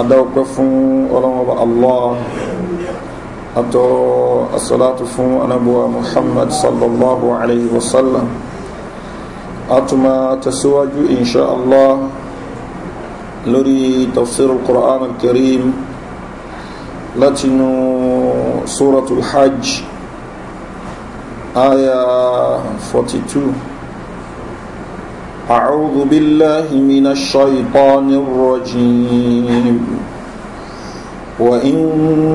adáwọ̀pẹ́ fún ọlọ́mọba allah àtọrọ asọ́látù fún anábúwa muhammad sallallahu alayhi wa sallam àtùmá tẹ̀síwájú insha allah lórí tafsir al-qur'an al-karim látinú suratul hajj aya 42 أعوذ بالله من الشيطان الرجيم وإن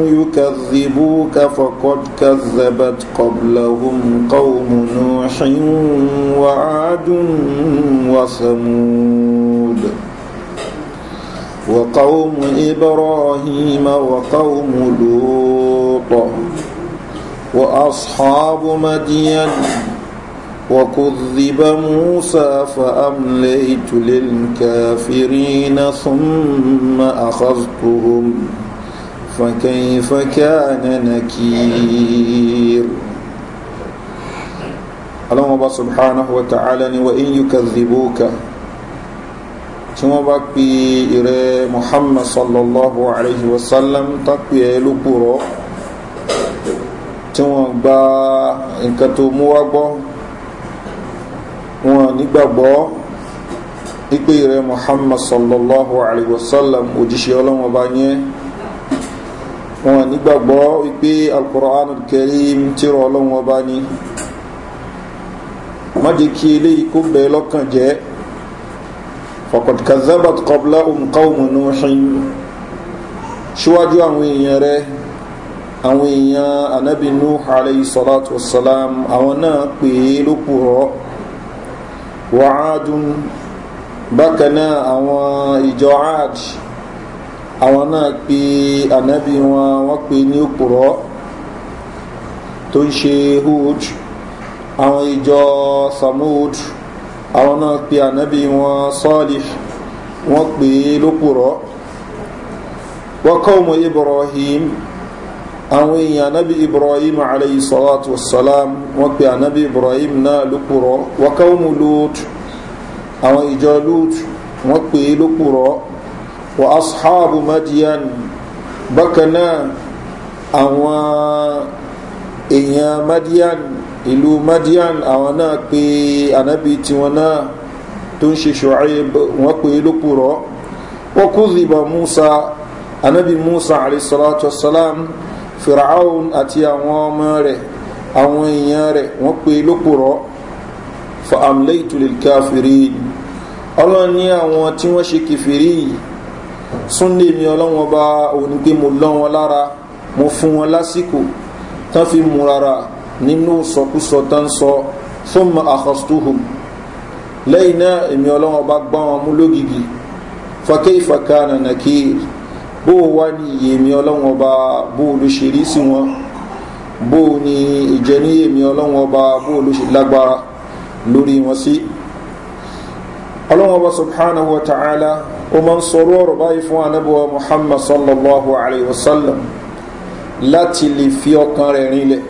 يكذبوك فقد كذبت قبلهم قوم نوح وعاد وثمود وقوم إبراهيم وقوم لوط وأصحاب مدين وكذب موسى فأمليت للكافرين ثم أخذتهم فكيف كان نكير اللهم الله سبحانه وتعالى وإن يكذبوك ثم بقي إلى محمد صلى الله عليه وسلم تقبي لقرأ ثم بقى إنك تموى wọn nígbàgbọ́ ipe rẹ̀ muhammad sallallahu alaihi wasallam òjíṣẹ́ ọlọ́wọ́n bá yẹn wọn nígbàgbọ́ ipe alkur'an kẹrin tírọ ọlọ́wọ́n bá ní mọ́jẹ́ kí eléyìí kó bẹ̀ lọ́kàn jẹ́ fọkàn kazabat kọbla omkaumu nuhin síwájú àwọn èèyàn rẹ̀ àwọn èèyàn anabi nuh alayhi salatu wasalam àwọn náà pè é lópùrọ́ wàádùn bákan náà àwọn ìjọ aad àwọn náà pe ànábì wọn wọ́n pe ní òpùrọ́ tó ń ṣe hood àwọn ìjọ samud àwọn náà pe ànábì wọn sọ́ọ̀lì wọ́n pe lópùrọ́ wọ́n kọ́ ọmọ ibrahim àwọn èèyàn anabi ibrahim alayhi salatu wasalam wọn pe anabi ibrahim náà lókùrọ wakawumu lóòtù àwọn ìjọ lóòtù wọn pe lókùrọ wa asxaabu madian bákan náà àwọn èèyàn madian ìlú madian àwọn náà pe anabi tiwọn náà tó ń ṣe ṣùáyé wọn pé lókù wọn kú musa anabi musa alayhisalatu wasalam firaun àti àwọn ọmọ rẹ̀ àwọn èèyàn rẹ̀ wọ́n pe lópùrọ́ fa amlẹ́ ìtulè káfírí ọlọ́run ní àwọn tí wọ́n ṣe kìfìrí súnlé mi ọlọ́wọ́n bá òní pé mo lọ́ wọn lára mo fún wọn lásìkò tán fi mú rárá nínú sọkúsọ tán sọ fún ma àkọsùtùhùn lẹ́yìn náà èmi ọlọ́wọ́n bá gbọ́n wọn mú lógìgì fakẹ́ ìfakà nànàkìrì bó wá ní ìyèmí ọlọ́wọ́n ọba bó ló ṣe rí sí wọn bó ní ìjẹníyèmí ọlọ́wọ́n ọba bó ló ṣe lágbára lórí wọn sí ọlọ́wọ́n ọba subhanahu wa ta'ala ó máa ń sọ̀rọ̀ ọ̀rọ̀ báyìí fún anábọ̀wá muhammad sallallahu alayhi wa sallam láti lè fi ọkàn rẹ̀ rinlẹ̀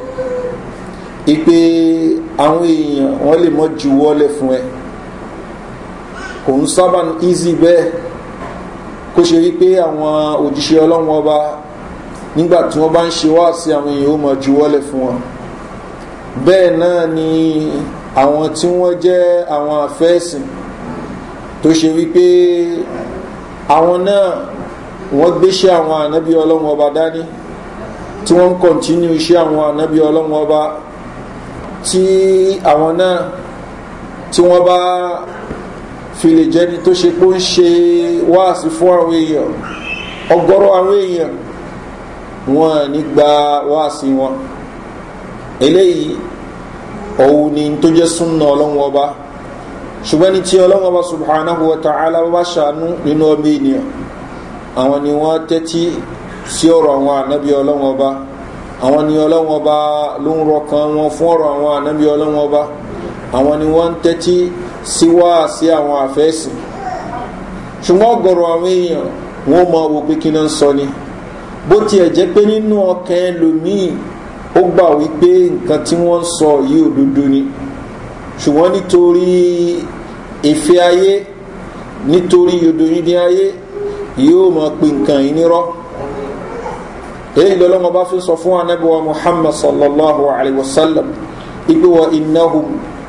ipe àwọn èèyàn wọ́n lè mọ́ juwọ́lẹ̀ fún ẹ kò ń sábà easy bẹ́ẹ̀ kó ṣe rí pé àwọn òjíṣẹ́ ọlọ́run ọba nígbà tí wọ́n bá ń ṣe wá sí àwọn èèyàn ó mọ̀ juwọ́lẹ̀ fún wọn bẹ́ẹ̀ náà ni àwọn tí wọ́n jẹ́ àwọn àfẹ́ẹ̀sìn tó ṣe wípé àwọn náà wọ́n gbéṣẹ́ àwọn ànábí ọlọ́run ọba dání tí wọ́n ń kọ̀ntínú iṣẹ́ àwọn ànábí ọlọ́run ọba tí àwọn náà tí wọ́n bá fi lè jẹ́ni tó ṣe pé ó ń ṣe wáàsí fún àwọn èèyàn ọgọ́rọ̀ àwọn èèyàn wọn ní gba wáàsí wọn eléyìí òun ni tó jẹ́ súnà ọlọ́run ọba ṣùgbọ́n ní tí ọlọ́run ọba subhanahu wa ta'ala bá ṣàánú nínú ọmọ ènìyàn àwọn ni wọ́n tẹ́tí sí ọ̀rọ̀ àwọn ànábì ọlọ́run ọba àwọn ni ọlọ́run ọba ló ń rọkàn wọn fún ọ̀rọ̀ àwọn ànábì ọlọ́run ọba àwọn ni wọ́n tẹ́tí síwá sí àwọn àfẹ́sìn ṣùgbọ́n ọ̀gọ̀rọ̀ àwọn èèyàn wọ́n mọ owó pé kí náà ń sọ ni bó tiẹ̀ jẹ́ pé nínú ọkàn ẹlòmíì ó gbà wípé nǹkan tí wọ́n ń sọ yìí òdodo ni ṣùgbọ́n nítorí ìfẹ́ ayé nítorí yodo yìí ní ayé yóò mọ pé nǹkan yìí nírọ́ èyí lọ́lọ́mọba fi sọ fún anábíwá muhammad sallallahu alayhi wa sallam ìgbéwọ̀ ináhùn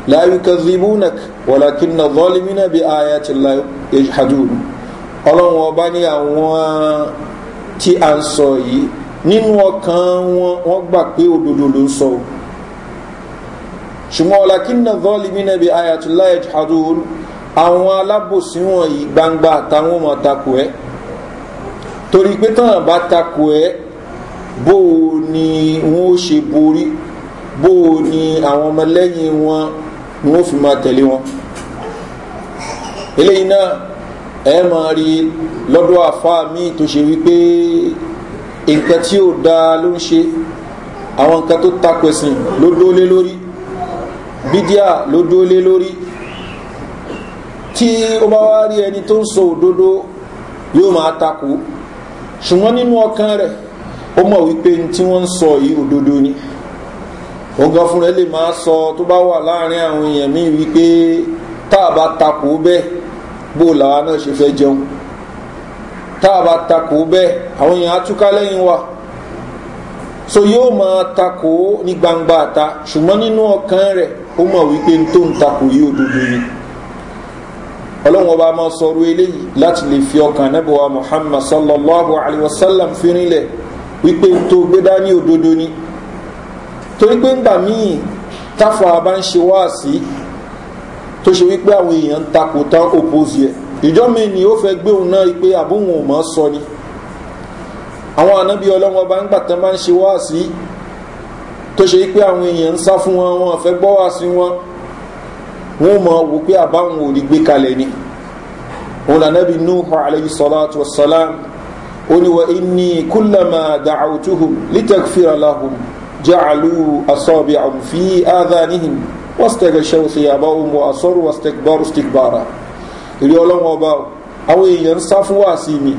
láyé kazibunak wàlákin na zọlimina bí aya ti la ejihadu ọlọ́run ọba ní àwọn tí a ń sọ yìí nínú ọkàn wọn wọn gbà pé òdodo ló ń sọ o ṣùgbọ́n wàlákin na zọlimina bí aya ti la àwọn alábòsí wọ̀nyí gbangba àtàwọn ọmọ takò ẹ́ torí pé táwọn bá takò ẹ́ bó ni wọn ó ṣe borí bó ni àwọn ọmọlẹ́yìn wọn ni wọ́n fi máa tẹ̀lé wọn eléyìí náà ẹ máa rí lọ́dọ̀ àfáà míì tó ṣe wípé nǹkan tí ò dáa ló ń ṣe àwọn nǹkan tó takò ẹ̀sìn ló dóolé lórí bídíà ló dóolé lórí tí ó bá wá rí ẹni tó ń sọ òdodo yóò máa takò ṣùgbọ́n nínú ọkàn rẹ̀ ó mọ̀ wípé tí wọ́n ń sọ yìí òdodo ni wọn gan fúnra lè máa sọ tó bá wà láàrin àwọn èèyàn míì wípé tá a bá takò bẹ́ẹ̀ bó làwa náà ṣe fẹ́ jẹun tá a bá takò bẹ́ẹ̀ àwọn èèyàn á túká lẹ́yìn wa so yóò máa takò ní gbangba ta ṣùgbọ́n nínú ọkàn rẹ̀ ó mọ̀ wípé n tó ń takò yìí òdodo ni ọlọ́run ọba máa sọ̀rọ̀ eléyìí láti lè fi ọkàn anábọ̀wá muhammad sallallahu alayhi wa sallam fi rinlẹ̀ wípé n tó gbé dání òdodo ni torí pé ńgbà míì táfà bá ń ṣe wá sí tó ṣe wípé àwọn èèyàn ń takò tán òpósì ẹ̀ ìjọ mi ni ó fẹ́ gbé òun náà rí pé àbóhùn ò mọ́ sọ ni àwọn ànábì ọlọ́wọ́n bá ń gbà tán bá ń ṣe wá sí tó ṣe wípé àwọn èèyàn ń sá fún wọn wọn fẹ́ gbọ́ wá sí wọn wọn mọ̀ wò pé àbáwọn ò rí gbé kalẹ̀ ni òun lànàbì nuhu alayhi salatu wa salam ó ní kúlẹ̀ máa dàcàwùtúhùn lítẹ̀kfìrà láhùn جعلوا أصابعهم في آذانهم واستغشوا ثيابهم وأصروا واستكبروا استكبارا ìrí ọlọ́wọ́ ọba àwọn èèyàn ń sá fún wá sí mi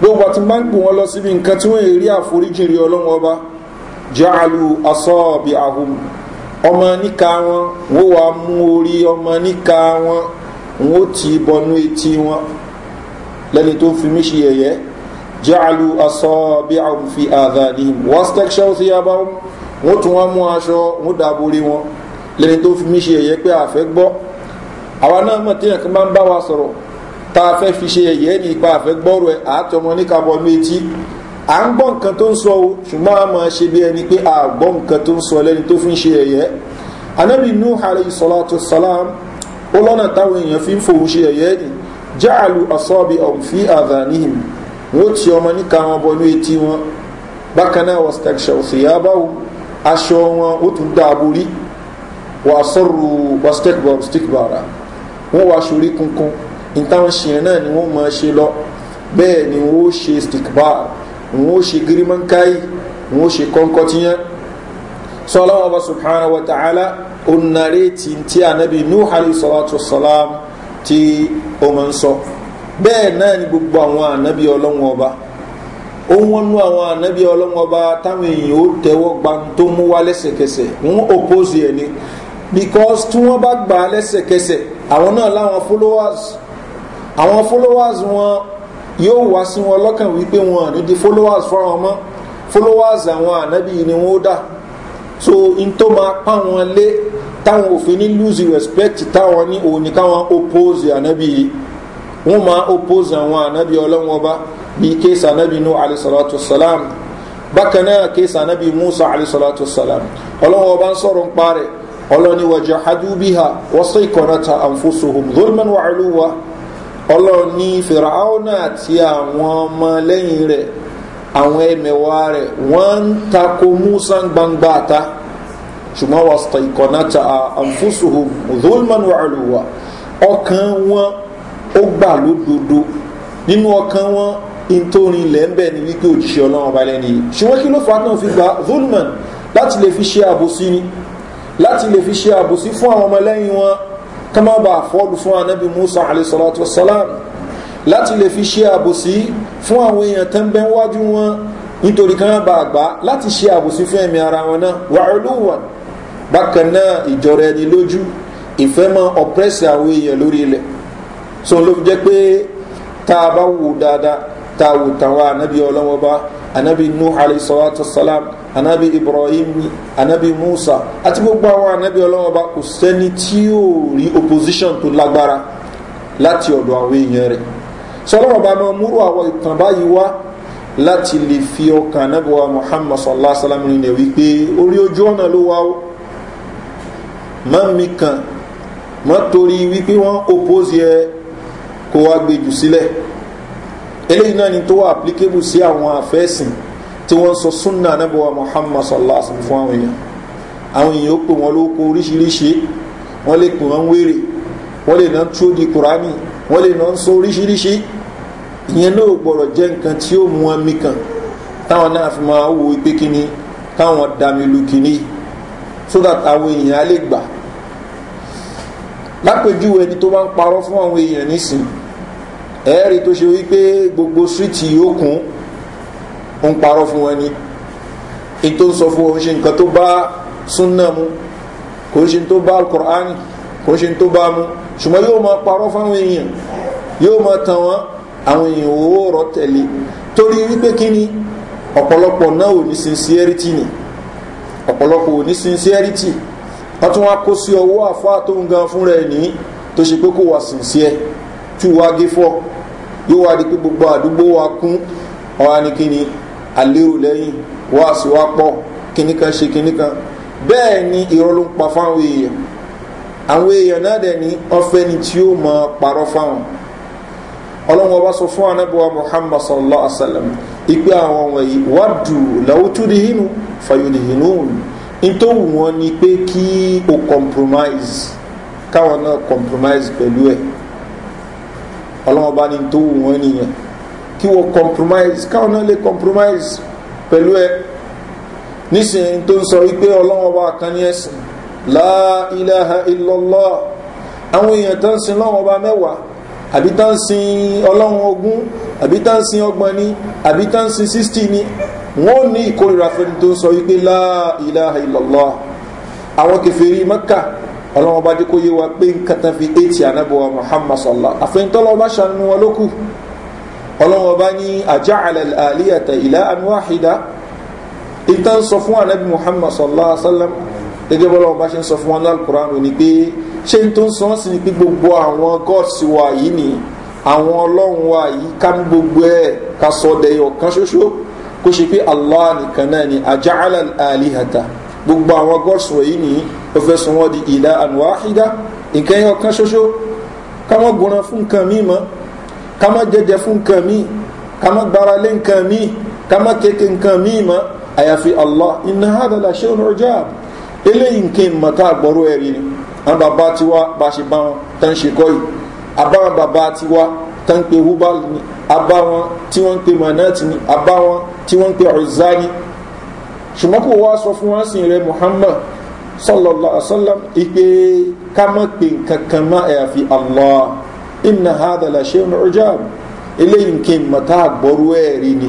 gbogbo àti máa ń gbò wọn lọ síbi nǹkan tí wọ́n yẹ rí àforíjì rí ọlọ́wọ́ ọba jaalu asọ́ọ̀bì ahùn ọmọ níka wọn wọ́n wá mú orí ọmọ níka wọn wọ́n ti bọnú etí wọn lẹ́ni tó fi mí ṣe yẹ̀yẹ́ ja'alu asabi'ahum fi adhanihim wastakshaw thiyabahum wọ́n tún wọ́n mú aṣọ wọ́n dàbórí wọn lẹ́ni tó fi mí ṣe ẹ̀yẹ pé àfẹ́ gbọ́ àwa náà mọ̀ tí ẹ̀kan máa ń bá wa sọ̀rọ̀ tá a fẹ́ fi ṣe ẹ̀yẹ ní ipa àfẹ́ gbọ́rọ̀ ẹ̀ àtọmọ ní kabọ̀ méjì à ń gbọ́ nǹkan tó ń sọ o ṣùgbọ́n a máa ṣe bí ẹni pé a gbọ́ nǹkan tó ń sọ lẹ́ni tó fi ń ṣe ẹ̀yẹ anabi nuh alayhi salatu salam ó lọ́nà táwọn èèyàn fi ń fòun ṣe ẹ̀yẹ ni ja'alu asabi'ahum fi adhanihim wọ́n ti ọmọ níka wọn bọ inú etí wọn bákan náà wọ́n stakṣẹ́ òsìyá báwo aṣọ wọn ó tún dá aborí wọ́n asọ́rù wọ́n stakbar stakbara wọ́n wá aṣorí kunkun ìtàwọn ṣìyàn náà ni wọ́n máa ṣe lọ bẹ́ẹ̀ ni wọ́n ó ṣe stakbar wọ́n ó ṣe girimankai wọ́n ó ṣe kọ́ńkọ́tìyàn sọ aláwọ̀ bá subhanahu wa ta'ala ó nàrètí tí anabi nuhari salatu salam ti ọmọ nsọ. So, bẹ́ẹ̀ náà ni gbogbo àwọn ànábì ọlọ́wọ́n ọba ó wọ́n àwọn ànábì ọlọ́wọ́n ọba táwọn èèyàn ó tẹ́wọ́ gba tó mú wá lẹ́sẹ̀kẹsẹ̀ wọ́n oppose ẹ̀ ni because tí wọ́n bá gbà á lẹ́sẹ̀kẹsẹ̀ àwọn náà láwọn followers àwọn followers wọn yóò wá sí wọn lọ́kàn wípé wọn àní di followers fáwọn mọ́ followers àwọn ànábì ni wọ́n ó dà so n tó máa pa wọn lé táwọn òfin ní lose respect táwọn ní òun ní káwọn oppose ànábì yìí wọ́n máa oppose àwọn ànábì ọlọ́run ọba bíi kéésà ànábì nu alayhisalatu salam bákan náà kéésà ànábì musa alayhisalatu salam ọlọ́run ọba ń sọ̀rọ̀ ń parẹ́ ọlọ́ni wàjà hadúbíhà wọ́sọ̀ ìkọ̀nàta àǹfóṣòhùn zulman wa ọlọ́ni fìràáwọ̀nà àti àwọn ọmọ lẹ́yìn rẹ̀ àwọn ẹ̀mẹ̀wà rẹ̀ wọ́n ń takò musa gbangba ta ṣùgbọ́n wọ́sọ̀ ìkọ̀nàta àǹfóṣòhùn zulman wa ọkàn wọn ó gbà lódodo nínú ọkàn wọn nítorí lẹ́ńbẹ̀ ni wípé òjìṣẹ́ ọlọ́run ọba lẹ́ni ṣùgbọ́n kí ló fà á náà fi gba zulman láti lè fi ṣe àbòsí ni láti lè fi ṣe àbòsí fún àwọn ọmọlẹ́yìn wọn ká má bàa fọ́ọ̀lù fún anabi musa alayhisalatu wasalam láti lè fi ṣe àbòsí fún àwọn èèyàn tó ń bẹ́ wájú wọn nítorí ká má bàa gbà láti ṣe àbòsí fún ẹ̀mí ara wọn náà wàhálù wọn bákan náà ìjọra ẹni lójú ìfẹ́ mọ́ ọ̀pẹ́sì àwọn èèyàn lórí ilẹ̀ so ló fi jẹ́ pé tá a bá wò dáadáa tá a wò tàwa ànábì ọlọ́wọ́ bá ànábì nuh alayhisalatu salam ànábì ibrahim ànábì musa àti gbogbo àwọn ànábì ọlọ́wọ́ kò sẹ́ni tí ó rí opposition tó lágbára láti ọ̀dọ̀ àwọn èèyàn rẹ̀ sọlọ́wọ́ bá máa múrò àwọn ìtàn báyìí wá láti lè fi ọkàn ànábì wa muhammad sallallahu alayhi wa sallam rìn rẹ̀ wípé orí ojú ọ̀nà ló wá ó mọ́ mi kàn mọ́ torí wípé wọ́n oppose yẹ kó wá gbé jù sílẹ̀ eléyìí náà ni tó wà applicable sí àwọn àfẹ́sìn tí wọ́n sọ súnà anábọ̀wá muhammad sallallahu alaihi wa fún àwọn èèyàn àwọn èèyàn ó pè wọ́n lóko oríṣiríṣi wọ́n lè pè wọ́n wéèrè wọ́n lè náà tó di kùránì wọ́n lè náà sọ oríṣiríṣi ìyẹn náà gbọ́dọ̀ jẹ́ nǹkan tí ó mú wọn mi táwọn náà fi máa wo pé kíni káwọn dami lu kíni so that àwọn èèyàn á lè gbà lápèjúwe ẹni tó bá ń parọ́ fún àwọn èèyàn nísìnyí ẹ̀ẹ́rì tó ṣe wípé gbogbo síìtì yókùn ń parọ́ fún wọn ni in tó ń sọ fún wọn ṣe nǹkan tó bá súnà mu kò ń ṣe tó bá alukur'ani kò ń ṣe tó bá mu ṣùgbọ́n yóò máa parọ́ fáwọn èèyàn yóò máa tàn wọ́n àwọn èèyàn owó rọ̀ tẹ̀lé torí wípé kí ni ọ̀pọ̀lọpọ̀ náà ò ní sincerity ni ọ̀pọ̀lọpọ̀ ò ní sincerity wọ́n tún wá kó sí ọwọ́ àfáà tó ń gan fúnra ẹ̀ ní tó ṣe pé kó wà sincere tí wàá gé fọ́ yóò wá di pé gbogbo àdúgbò wa kún ọ̀hán ni kíni àlérò lẹ́yìn wáàsí wá pọ̀ kíní kan ṣe kíní kan bẹ́ẹ̀ ni irọ́ ló ń pa fáwọn èèyàn àwọn èèyàn náà dẹ̀ ní ọ̀fẹ́ ni tí ó mọ parọ́ fáwọn ọlọ́run ọba sọ fún anábíwá muhammad sallallahu alaihi wa sallam ìpè àwọn wọ̀nyí wádùú làwùtúndínlẹ́hìnú fàyọ̀nìhìnú nítorí wọn ni pé kí o compromise káwọn náà compromise pẹ̀lú ẹ̀ ọlọ́wọ́n bá ní tó wù wọ́n nìyẹn kí wọ́n compromise káwọn náà lè compromise pẹ̀lú ẹ nísìnyí tó ń sọ wípé ọlọ́wọ́n bá kan ní ẹ̀sìn láìláha ìlọ́lọ́ àwọn èèyàn tó ń sin lọ́wọ́n mẹ́wàá àbí tó sin ọlọ́wọ́n ogún àbí tó sin ọgbọ̀n ni àbí tó ń sin sixty ni wọ́n ní ìkórira fẹ́ni tó ń sọ wípé láìláha ìlọ́lọ́ àwọn kẹfẹ́rí mẹ́kà ọlọ́wọ́n bá díkó yé wa pé nǹkan tán fi éètì anábọ̀wá muhammad sallá àfẹ́ntọ́lọ́ bá ṣàánú wọn lókù ọlọ́wọ́n bá ní ajá àlẹ́ àlíyàtà ìlà anúwàhídá ìtàn sọ fún anábì muhammad sallá sálám gẹ́gẹ́ bọ́lọ́wọ́n bá ṣe ń sọ fún wọn ní alukuran ní pé ṣé n tó ń sọ sí ni pé gbogbo àwọn gods wa yìí ni àwọn ọlọ́run wa yìí ká ní gbogbo ẹ̀ ká sọ dẹ̀yọ̀ kan ṣoṣo kó ṣe pé allah nìkan náà ni ajá àlẹ́ gbogbo àwọn gods wa yìí nìyí ó fẹ́ sọ wọ́n di ìlà ànúwáhídá nǹkan yẹn ọ̀kan ṣoṣo ká mọ́ gbọ́nà fún nǹkan míì mọ́ ká mọ́ jẹjẹ fún nǹkan míì ká mọ́ gbára lé nǹkan míì ká mọ́ kéke nǹkan míì mọ́ àyàfi allah iná hádàlà ṣé òun rọjá eléyìí nǹkan ìmọ̀ tá àgbọ̀rọ̀ ẹ̀rí ni àwọn bàbá tiwa bá ṣe bá wọn tán ṣe kọ́ yìí àbáwọn bàbá tiwa tán pe hubal ni àbáwọn tí wọ́n ń pe manat ni àbáwọn tí wọ́n ń pe ọ̀zá ni ṣùgbọ́n kò wá sọ fún wọn sìn rẹ muhammad sọlọlọ asọlọm ipe ká má pe nǹkan kan má àyàfi allah inna hadala ṣeun ojab eléyìí nǹkan mọ̀tá àgbọ̀rú ẹ̀rí ni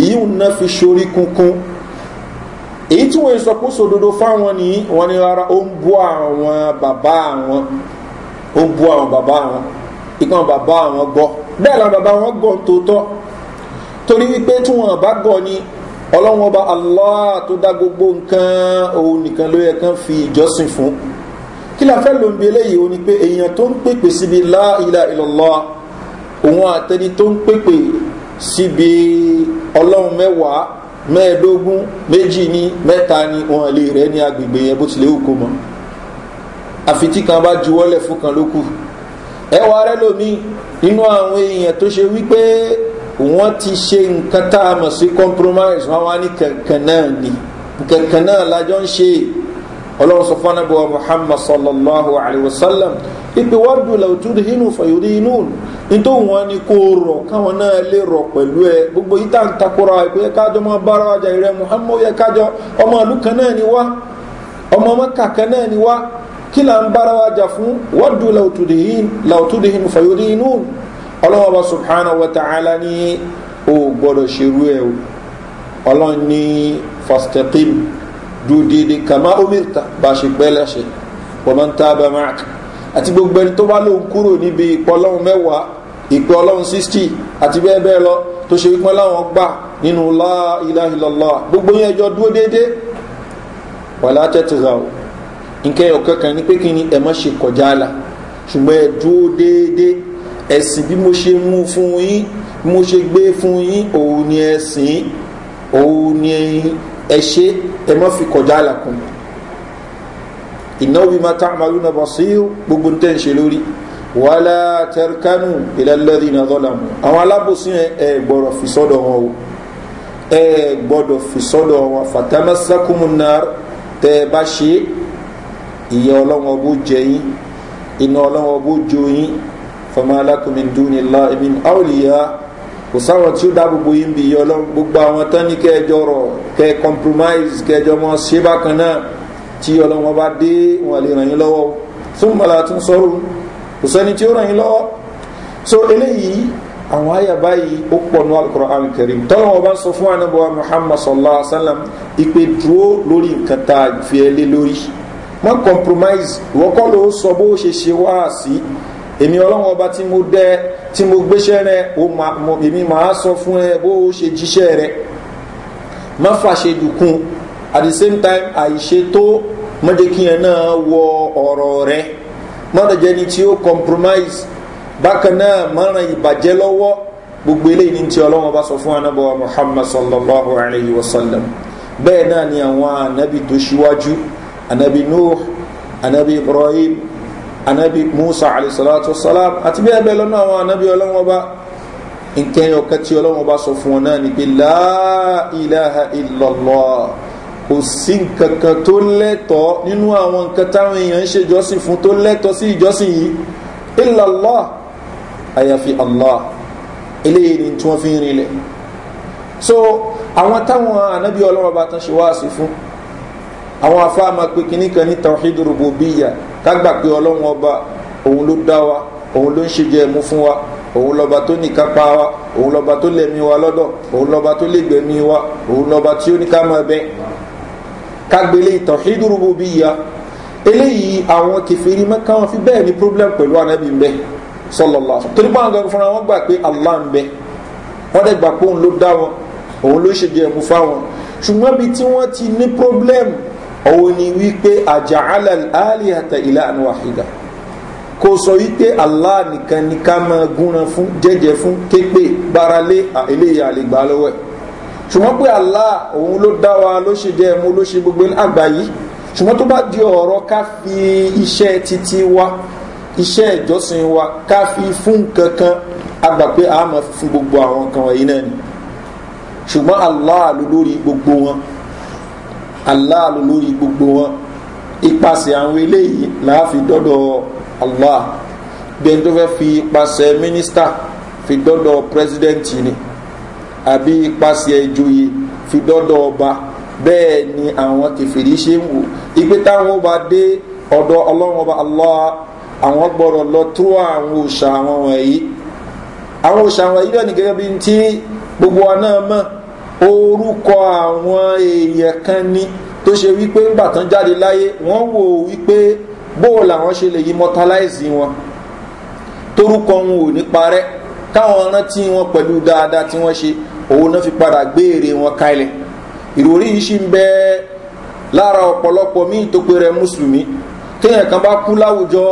èyí ń ná fi ṣorí kunkun èyí tí wọ́n sọ pé sòdodo fáwọn ni wọ́n ní rárá ó ń bú àwọn bàbá àwọn ó ń bú àwọn bàbá àwọn ìkan bàbá àwọn gbọ́ bẹ́ẹ̀ làwọn bàbá wọn gbọ́ tòótọ́ torí wípé tí wọ́n bá gbọ́ ni ọlọ́run ọba allah tó dá gbogbo nǹkan òun nìkan ló yẹ kán fi ìjọsìn fún kí la fẹ́ ló ń bi eléyìí o ni pé èèyàn tó ń pèpè síbi láìla ìlọ́lá òun àtẹni tó ń pèpè síbi ọlọ́run mẹ́wàá mẹ́ẹ̀ẹ́dógún méjì ní mẹ́ta ni wọn lè rẹ́ ní agbègbè yẹn bó tilẹ̀ òkú mọ́ àfi tí kan bá juwọ́lẹ̀ fún kan ló kù ẹ wà rẹ́ lómi nínú àwọn èèyàn tó ṣe wípé wọ́n ti ṣe nǹkan tá a mọ̀ sí compromise wọn wá ní kankan náà ni kankan náà lájọ́ ń ṣe ọlọ́run sọ fún anábọ̀ muhammad sallallahu alayhi wa sallam ipe wọ́dù làwùtúndì hínú fàyòrí inú nítorí wọn ni kò rọ̀ káwọn náà lè rọ̀ pẹ̀lú ẹ gbogbo yìí tá n takora ẹ pé kájọ máa bára wájà rẹ muhammad yẹ kájọ ọmọ ìlú kan náà ni wá ọmọ mẹ́ka kan náà ni wá kí là ń bára wájà fún wọ́dù làwùtúndì hínú fàyòrí inú ọlọ́wọ́ bá subhanahu wa ta'ala ní o gbọ́dọ̀ ṣerú ẹ̀ o ọlọ́run ní fastaqim dúró déédéé kàmá omirta bá ṣe pẹ́ lẹ́ṣẹ̀ wọ́n máa ń tábà máa àti gbogbo ẹni tó bá lóun kúrò níbi ìpọ́ ọlọ́run mẹ́wàá ìpè ọlọ́run sixty àti bẹ́ẹ̀ bẹ́ẹ̀ lọ tó ṣe wípé láwọn gbà nínú láìláìlọ́lá gbogbo yẹn ẹjọ́ dúró déédéé wà látẹ̀tìrà o nǹkan kankan ní pé kí ni ẹ̀ má ṣe kọjá àlà ṣùgbọ́n ẹ̀ dúró déédéé ẹ̀sìn bí mo ṣe mú fún yín bí mo ṣe gbé fún yín òun ni ẹ̀sìn òun ni ẹ ṣe ẹ mọ́ fi kọjá àlàkùn ìnáwó máa tá àmàlú náà bọ̀ sí gbogbo ní tẹ́ ń ṣe lórí wàhálà tẹ̀rẹ̀kánù ìlẹ́lẹ́dì náà dọ́làmù àwọn alábòsí ẹ gbọ́dọ̀ fi sọ́dọ̀ wọn o ẹ gbọ́dọ̀ fi sọ́dọ̀ wọn fatamasakumuna tẹ́ ẹ bá ṣe ìyẹn ọlọ́wọ́n bó jẹ yín iná ọlọ́wọ́n bó jó yín fama lakum min duni la min awliya kò sáwọn tí ó dá gbogbo yín bí yọlọ gbogbo àwọn tán ní kẹjọ rọ kẹ compromise kẹjọ mọ ṣé bákan náà tí yọlọ wọn bá dé wọn lè ràn yín lọwọ fún bàlá tún sọrọ kò sẹni tí ó ràn yín lọwọ so eléyìí àwọn àyà báyìí ó pọ̀ ní alukoro alikari tọ́lá wọn bá sọ fún anabuwa muhammad sallallahu alaihi wa sallam ìpè dúró lórí nǹkan tá a fi ẹ lé lórí má compromise ìwọ́kọ́ ló sọ bó ṣe ṣe wá sí èmi ọlọ́run ọba tí mo dẹ tí mo gbéṣẹ́ rẹ èmi máa sọ fún ẹ bó o ṣe jíṣẹ́ rẹ má fàṣejù kún at the same time àìṣe tó mọ́dékìyàn náà wọ ọ̀rọ̀ rẹ mọ́dọ̀jẹ́ ni tí ó compromise bákan náà mọ́ràn ìbàjẹ́ lọ́wọ́ gbogbo eléyìí ní ti ọlọ́run ọba sọ fún anábọ̀ muhammad sallallahu alayhi wa sallam bẹ́ẹ̀ náà ni àwọn anabi tó ṣíwájú anabi nuh anabi ibrahim anabi musa alayhisalatu salam àti bẹ́ẹ̀ bẹ́ẹ̀ lọ́nà àwọn anabi ọlọ́wọ́n bá nǹkan yẹn ọ̀kan tí ọlọ́wọ́n bá sọ fún wọn náà ni pé láìláha ìlọ́lọ́ kò sí nǹkan kan tó lẹ́tọ̀ọ́ nínú àwọn nǹkan táwọn èèyàn ń ṣèjọ́sìn fún tó lẹ́tọ̀ọ́ sí ìjọ́sìn yìí ìlọ́lọ́ àyàfi allah eléyìí ni tí wọ́n fi ń rinlẹ̀ so àwọn táwọn anabi ọlọ́wọ́n bá tán ṣe wá sí fún àwọn afáàmà pé kìnnìkan ní tàwọn hídùrù ká gbà pé ọlọ́run ọba òun ló dá wa òun ló ń ṣe jẹ ẹ̀mú fún wa òun lọba tó ní kápá wa òun lọba tó lẹ̀mí wa lọ́dọ̀ òun lọba tó lè gbẹ̀mí wa òun lọba tí ó ní ká máa bẹ ká ìtàn hídúrúbù bí ya eléyìí àwọn kẹfìrí mẹ́ka wọn fi bẹ́ẹ̀ ní problem pẹ̀lú anabi ń bẹ sọlọ́lá torí báwọn gan fúnra wọn gbà pé allah ń bẹ wọ́n dẹ̀ gbà pé òun ló dá wọn òun ló ṣe jẹ ẹ̀mú fáwọn ṣùgbọ́n bí tí wọ́n ti ní problem òun ni wípé àjàálà alihata ìlànà wàhídà kò sọ wípé allah nìkan ni ká máa gúnran fún jẹjẹ fún képe gbáralé eléyà lè gbà lọ́wọ́ ẹ̀ ṣùgbọ́n pé allah òun ló dá wa ló ṣe jẹ́ mú ló ṣe gbogbo àgbáyé ṣùgbọ́n tó bá di ọ̀rọ̀ ká fi iṣẹ́ titi wa iṣẹ́ ìjọsìn wa ká fi fún nǹkan kan a pé a máa fi fún gbogbo àwọn kan wọ̀nyí náà ni ṣùgbọ́n allah ló lórí gbogbo wọn allah ló lórí gbogbo wọn ipasẹ̀ àwọn eléyìí láàfi dọ́dọ̀ allah bẹ́ẹ̀ tó fẹ́ fi ipasẹ̀ mínísítà fi dọ́dọ̀ pírẹ́sidẹ́ǹtì ni àbí ipasẹ̀ ìjòyè fi dọ́dọ̀ ọba bẹ́ẹ̀ ni àwọn kẹfìrí ṣe ń wò ipe táwọn bá dé ọ̀dọ̀ ọlọ́run ọba allah àwọn gbọ́dọ̀ lọ tó àwọn òòṣà àwọn wọ̀nyí àwọn òòṣà àwọn yìí lọ́ni gẹ́gẹ́ bí ti gbogbo wa náà mọ̀ orúkọ àwọn èèyàn kan ni tó ṣe wípé ńgbà tán jáde láyé wọ́n wò wípé bóò làwọn ṣe lè yí mọ́tàláìsì wọn torúkọ wọn ò ní parẹ́ káwọn rántí wọn pẹ̀lú dáadáa tí wọ́n ṣe òun náà fi padà gbére wọn kalẹ̀ ìròrí yìí ṣì ń bẹ lára ọ̀pọ̀lọpọ̀ míì tó pe rẹ mùsùlùmí téèyàn kan bá kú láwùjọ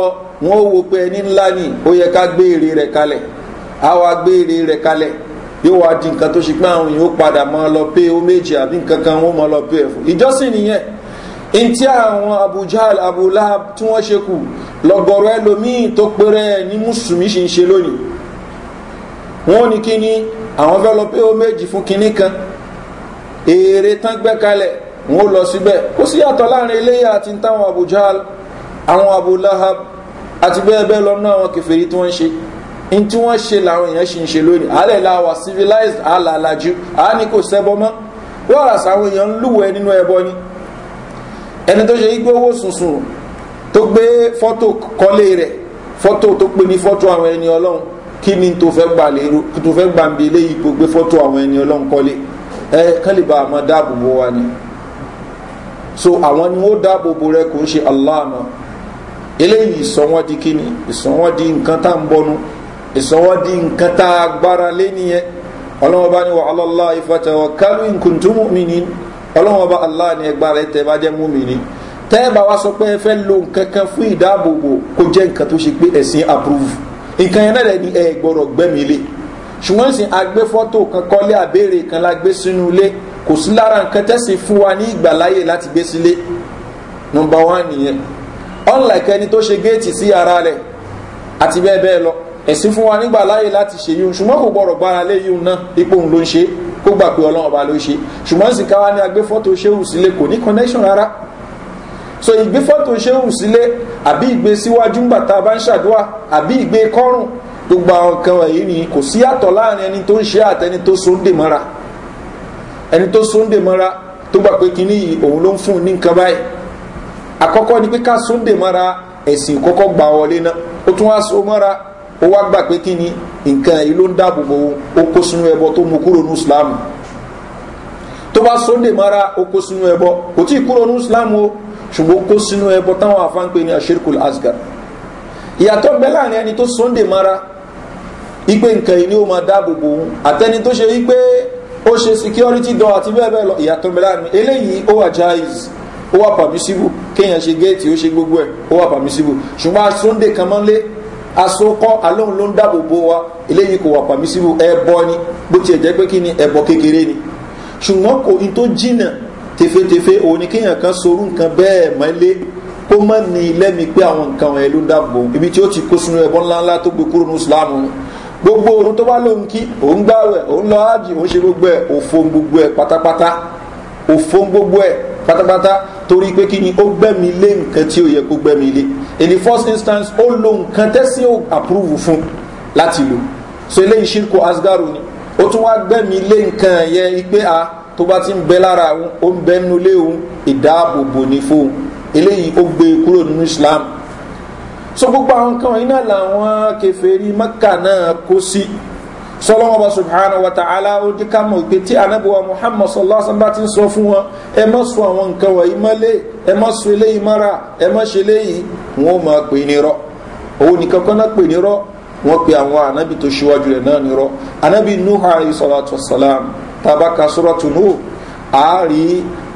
wọn ò wo pé ẹni ńlá ni ó yẹ ká gbére rẹ kalẹ̀ àwa gbére rẹ kalẹ̀ yóò wá di nǹkan tó ṣe pé àwọn èèyàn ó padà máa lọ pé ó méjì àbí nǹkan kan wọ́n máa lọ pé ẹ̀ fún ìjọsìn nìyẹn n tí àwọn abujal abulahab tí wọ́n ṣe kù lọ́gọ̀rọ̀ ẹlòmíì tó péré ní mùsùlùmí ṣe ń ṣe lónìí wọ́n ní kí ni àwọn fẹ́ lọ pé ó méjì fún kinní kan èrè tán gbẹ́ kalẹ̀ wọ́n lọ síbẹ̀ kó sí yàtọ̀ láàrin eléyà àti táwọn abujal àwọn abulahab àti bẹ́ẹ̀ bẹ́ẹ̀ lọ́nà àwọn kẹfẹ́rí tí wọ́n ń ṣe n tí wọ́n ṣe làwọn èèyàn ṣe ń ṣe lónìí àálẹ̀ la wà civilized àlàlàjú àání kò sẹ́bọ mọ́ wọ́n rà sáwọn èèyàn ń lúwẹ̀ẹ́ nínú ẹbọ ni ẹni tó ṣe igbó owó sùnsùn tó gbé fọ́tò kọ́lé rẹ̀ fọ́tò tó pè ní fọ́tò àwọn ẹni ọlọ́run kí ni tó fẹ́ gbà lérò kí tó fẹ́ gbà ń bi eléyìí tó gbé fọ́tò àwọn ẹni ọlọ́run kọ́lé ẹ kálíbà àmọ́ dáàbò bo wa ni so àwọn ni wọ́n dáàbò bo rẹ kò ń ṣe aláàmọ́ eléyìí ìsọ̀wọ́n di kíni ìsọ̀wọ́n di nǹkan tá à ń bọ́nu ìsọwọ́dí nǹkan tá a gbára lé nìyẹn ọlọ́wọ́n bá ní wa alọ́lá ìfọ̀tẹ̀wọ̀ kálú nkùntún mùmìnì ọlọ́wọ́n bá aláà ní ẹgbà rẹ̀ tẹ́ bá jẹ́ mùmìnì tẹ́ ẹ bá wá sọ pé ẹ fẹ́ lo nǹkan kan fún ìdáàbòbò kó jẹ́ nǹkan tó ṣe pé ẹ̀sìn approve nǹkan yẹn náà ní ẹ gbọ́dọ̀ gbẹ́mi lé ṣùgbọ́n sì agbé fọ́tò kan kọ́lé àbèrè kan la gbé sínú ilé kò sí lára nǹkan tẹ́sìn fún wa ní ìgbàláyè láti gbé sílé nọmba one nìyẹn unlike ẹni tó ṣe géètì sí ara rẹ̀ àti bẹ́ẹ̀ bẹ́ẹ̀ lọ ẹ̀sìn fún wa nígbà láàyè láti ṣe yíhun ṣùgbọ́n kò gbọ́dọ̀ gbára lé yíhun náà ipò òun ló ń ṣe kó gbà pé ọlọ́run ọba ló ṣe ṣùgbọ́n sì káwa ní agbéfọ́tò ṣéhù sílé kò ní connection rárá so ìgbéfọ́tò ṣéhù sílé àbí ìgbé síwájú ńgbà tá a bá ń ṣàdúrà àbí ìgbé kọ́rùn gbogbo àwọn kan wọ̀nyí ni kò sí àtọ̀ láàrin ẹni tó ń ṣe àtẹni ẹni tó sóńdè mọ́ra tó gbà pé kinní yìí òun ló ń fún un ní nǹkan báyìí àkọ́kọ́ ni pé ká sóńdè mọ́ra ẹ̀sìn kọ́kọ́ gbà wọlé náà ó tún wá so mọ́ra ó wá gbà pé kí ni nǹkan yìí ló ń dáàbò bò ó kó ẹbọ tó mú kúrò ní islam tó bá sóde mara ó kó sínú ẹbọ kò tí ì kúrò ní islam o ṣùgbọ́n ó kó ẹbọ táwọn afá ń pè asgar ìyàtọ̀ bẹ́ ẹni tó sóde mara ipe nǹkan yìí ni ó máa dáàbò bò ó àtẹni tó ṣe wípé ó ṣe security door àti bẹ́ẹ̀ bẹ́ẹ̀ lọ ìyàtọ̀ bẹ́ láàrin eléyìí ó wà jaiz ó wà permissible kéèyàn ṣe géètì ó ṣe gbogbo ẹ̀ ó wà permissible ṣùgbọ́n sunday kan mọ́lé asokọ́ alóhun ló ń dáàbò bo wa eléyìí kò wà pàmísìrù ẹbọ ni bó tiẹ̀ jẹ́ pé kí ni ẹbọ kékeré ni ṣùgbọ́n kò ní tó jìnà tefetefe òun ni kéèyàn kan sorú nǹkan bẹ́ẹ̀ mọ́lé kó mọ́ ni lẹ́mi pé àwọn nǹkan ẹ̀ ló ń dáàbò ibi tí ó ti kó sunu ẹbọ ńláńlá tó gbé kúrò ní islam gbogbo òun tó bá lóhun kí òun gbáwẹ̀ òun lọ ájì òun ṣe gbogbo ẹ̀ òfon gbogbo ẹ̀ pátápátá òfon gbogbo ẹ̀ pátápátá torí pé kí ni ó gbẹ́mi lé nǹkan tí ó yẹ kó gbẹ́mi lé in the first instance ó lo nǹkan tẹ́sí ò approve fún láti lò so eléyìí ṣírkù asgaru ni ó tún wá gbẹ̀mí lé nǹkan yẹn pé a ah, tó bá ti ń bẹ lára òun ó ń bẹ nínú ilé òun ìdáàbòbò ní fóun eléyìí ó gbé kúrò nínú islam so gbogbo àwọn kan iná làwọn kẹfẹ́rí mẹ́kà náà kó sí. Si sọlọ́wọ́ba subhanahu wa ta'ala ó dí ká mọ̀ pé tí anábíwá muhammad sallallahu alaihi wa ti ń sọ fún wọn ẹ má sọ àwọn nǹkan wọ̀nyí mọ́lé ẹ má sọ eléyìí mọ́ra ẹ má ṣe léyìí wọn ó máa pè ní rọ òun nìkan kan náà pè ní rọ wọn pe àwọn anábì tó ṣíwájú rẹ̀ náà ní rọ anábì nuhu alayhi salatu wasalam tabaka suratu nuhu àárí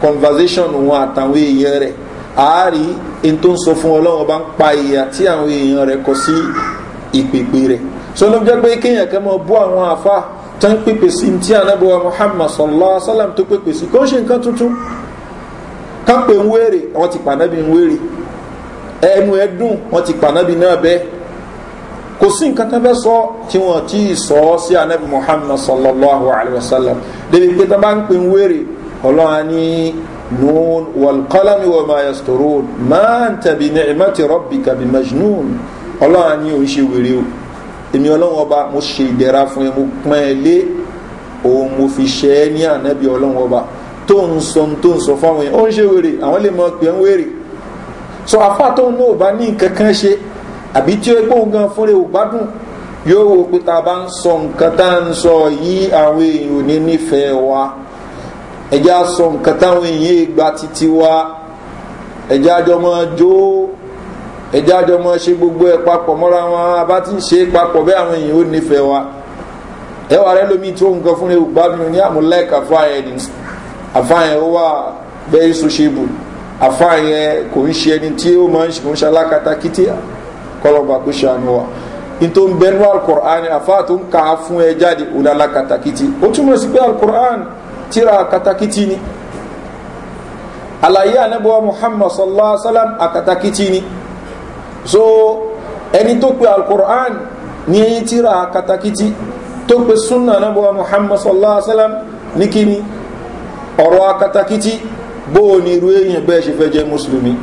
conversation wọn àtàwọn èèyàn rẹ̀ àárí in tó ń sọ fún ọlọ́wọ́n bá ń pa ìyà tí àwọn èèyàn rẹ̀ kọ sí ìpègbè rẹ̀ so ló jẹ́ pé kéèyàn kan mọ́ bú àwọn àfa tó ń pèpè sí tí anábíwá muhammad sallallahu alaihi wasallam tó pèpè sí kó ń ṣe nǹkan tuntun ká pè ń wéèrè wọ́n ti pànábì ń wéèrè ẹnu ẹ dùn wọ́n ti pànábì náà bẹ́ẹ̀ kò sí nǹkan tó fẹ́ sọ tí wọ́n ti sọ ọ́ sí anábì muhammad sallallahu alaihi wasallam débi èmi ọlọ́run ọba mo ṣe ìdẹ̀ra fún ẹ mo pọ́n ẹ lé òun mo fi ṣe ẹ ní ànábì ọlọ́run ọba tó ń sọ tó ń sọ fáwọn yẹn ó ń ṣe wèrè àwọn lè mọ pé ń wèrè sọ àfáà tó ń náà bá ní nǹkan ṣe àbí tí ó gbóhùn gan fúnra ò gbádùn yóò wo pé ta bá ń sọ nǹkan tá ń sọ yìí àwọn èèyàn ò ní nífẹ̀ẹ́ wa ẹ̀já sọ nǹkan táwọn èèyàn gbà títí wa ẹ̀já jọmọ jó ẹjẹ́ àjọ mọ́ ṣe gbogbo ẹ̀ papọ̀ mọ́ra wọn abá ti ń ṣe papọ̀ bẹ́ẹ̀ àwọn èèyàn ó nífẹ̀ẹ́ wa ẹwà rẹ lómi tó nǹkan fún ewu gbádùn ní àmúlẹ́ẹ̀kà fáyẹn ni àfáyẹn ó wà very sociable àfáyẹn kò ń ṣe ẹni tí ó máa ń ṣe ń ṣalákatá kìtì kọlọ́ba kó ṣàánú wa n tó ń bẹnu alukur'an àfáà tó ń kà á fún ẹ jáde ó lálá katakiti ó túmọ̀ sí pé alukur'an tíra katakiti ni àlàyé anábọ̀ muhammad sallallahu alaihi wa sallam akatakiti ni so ẹni tó pe alukur'an ni ẹyin tíra katakiti tó pe sunna anabuwa muhammad sallallahu alaihi wa sallam ní kíni ọ̀rọ̀ akatakiti bóò ni irú èèyàn bẹ́ẹ̀ ṣe fẹ́ jẹ́ mùsùlùmí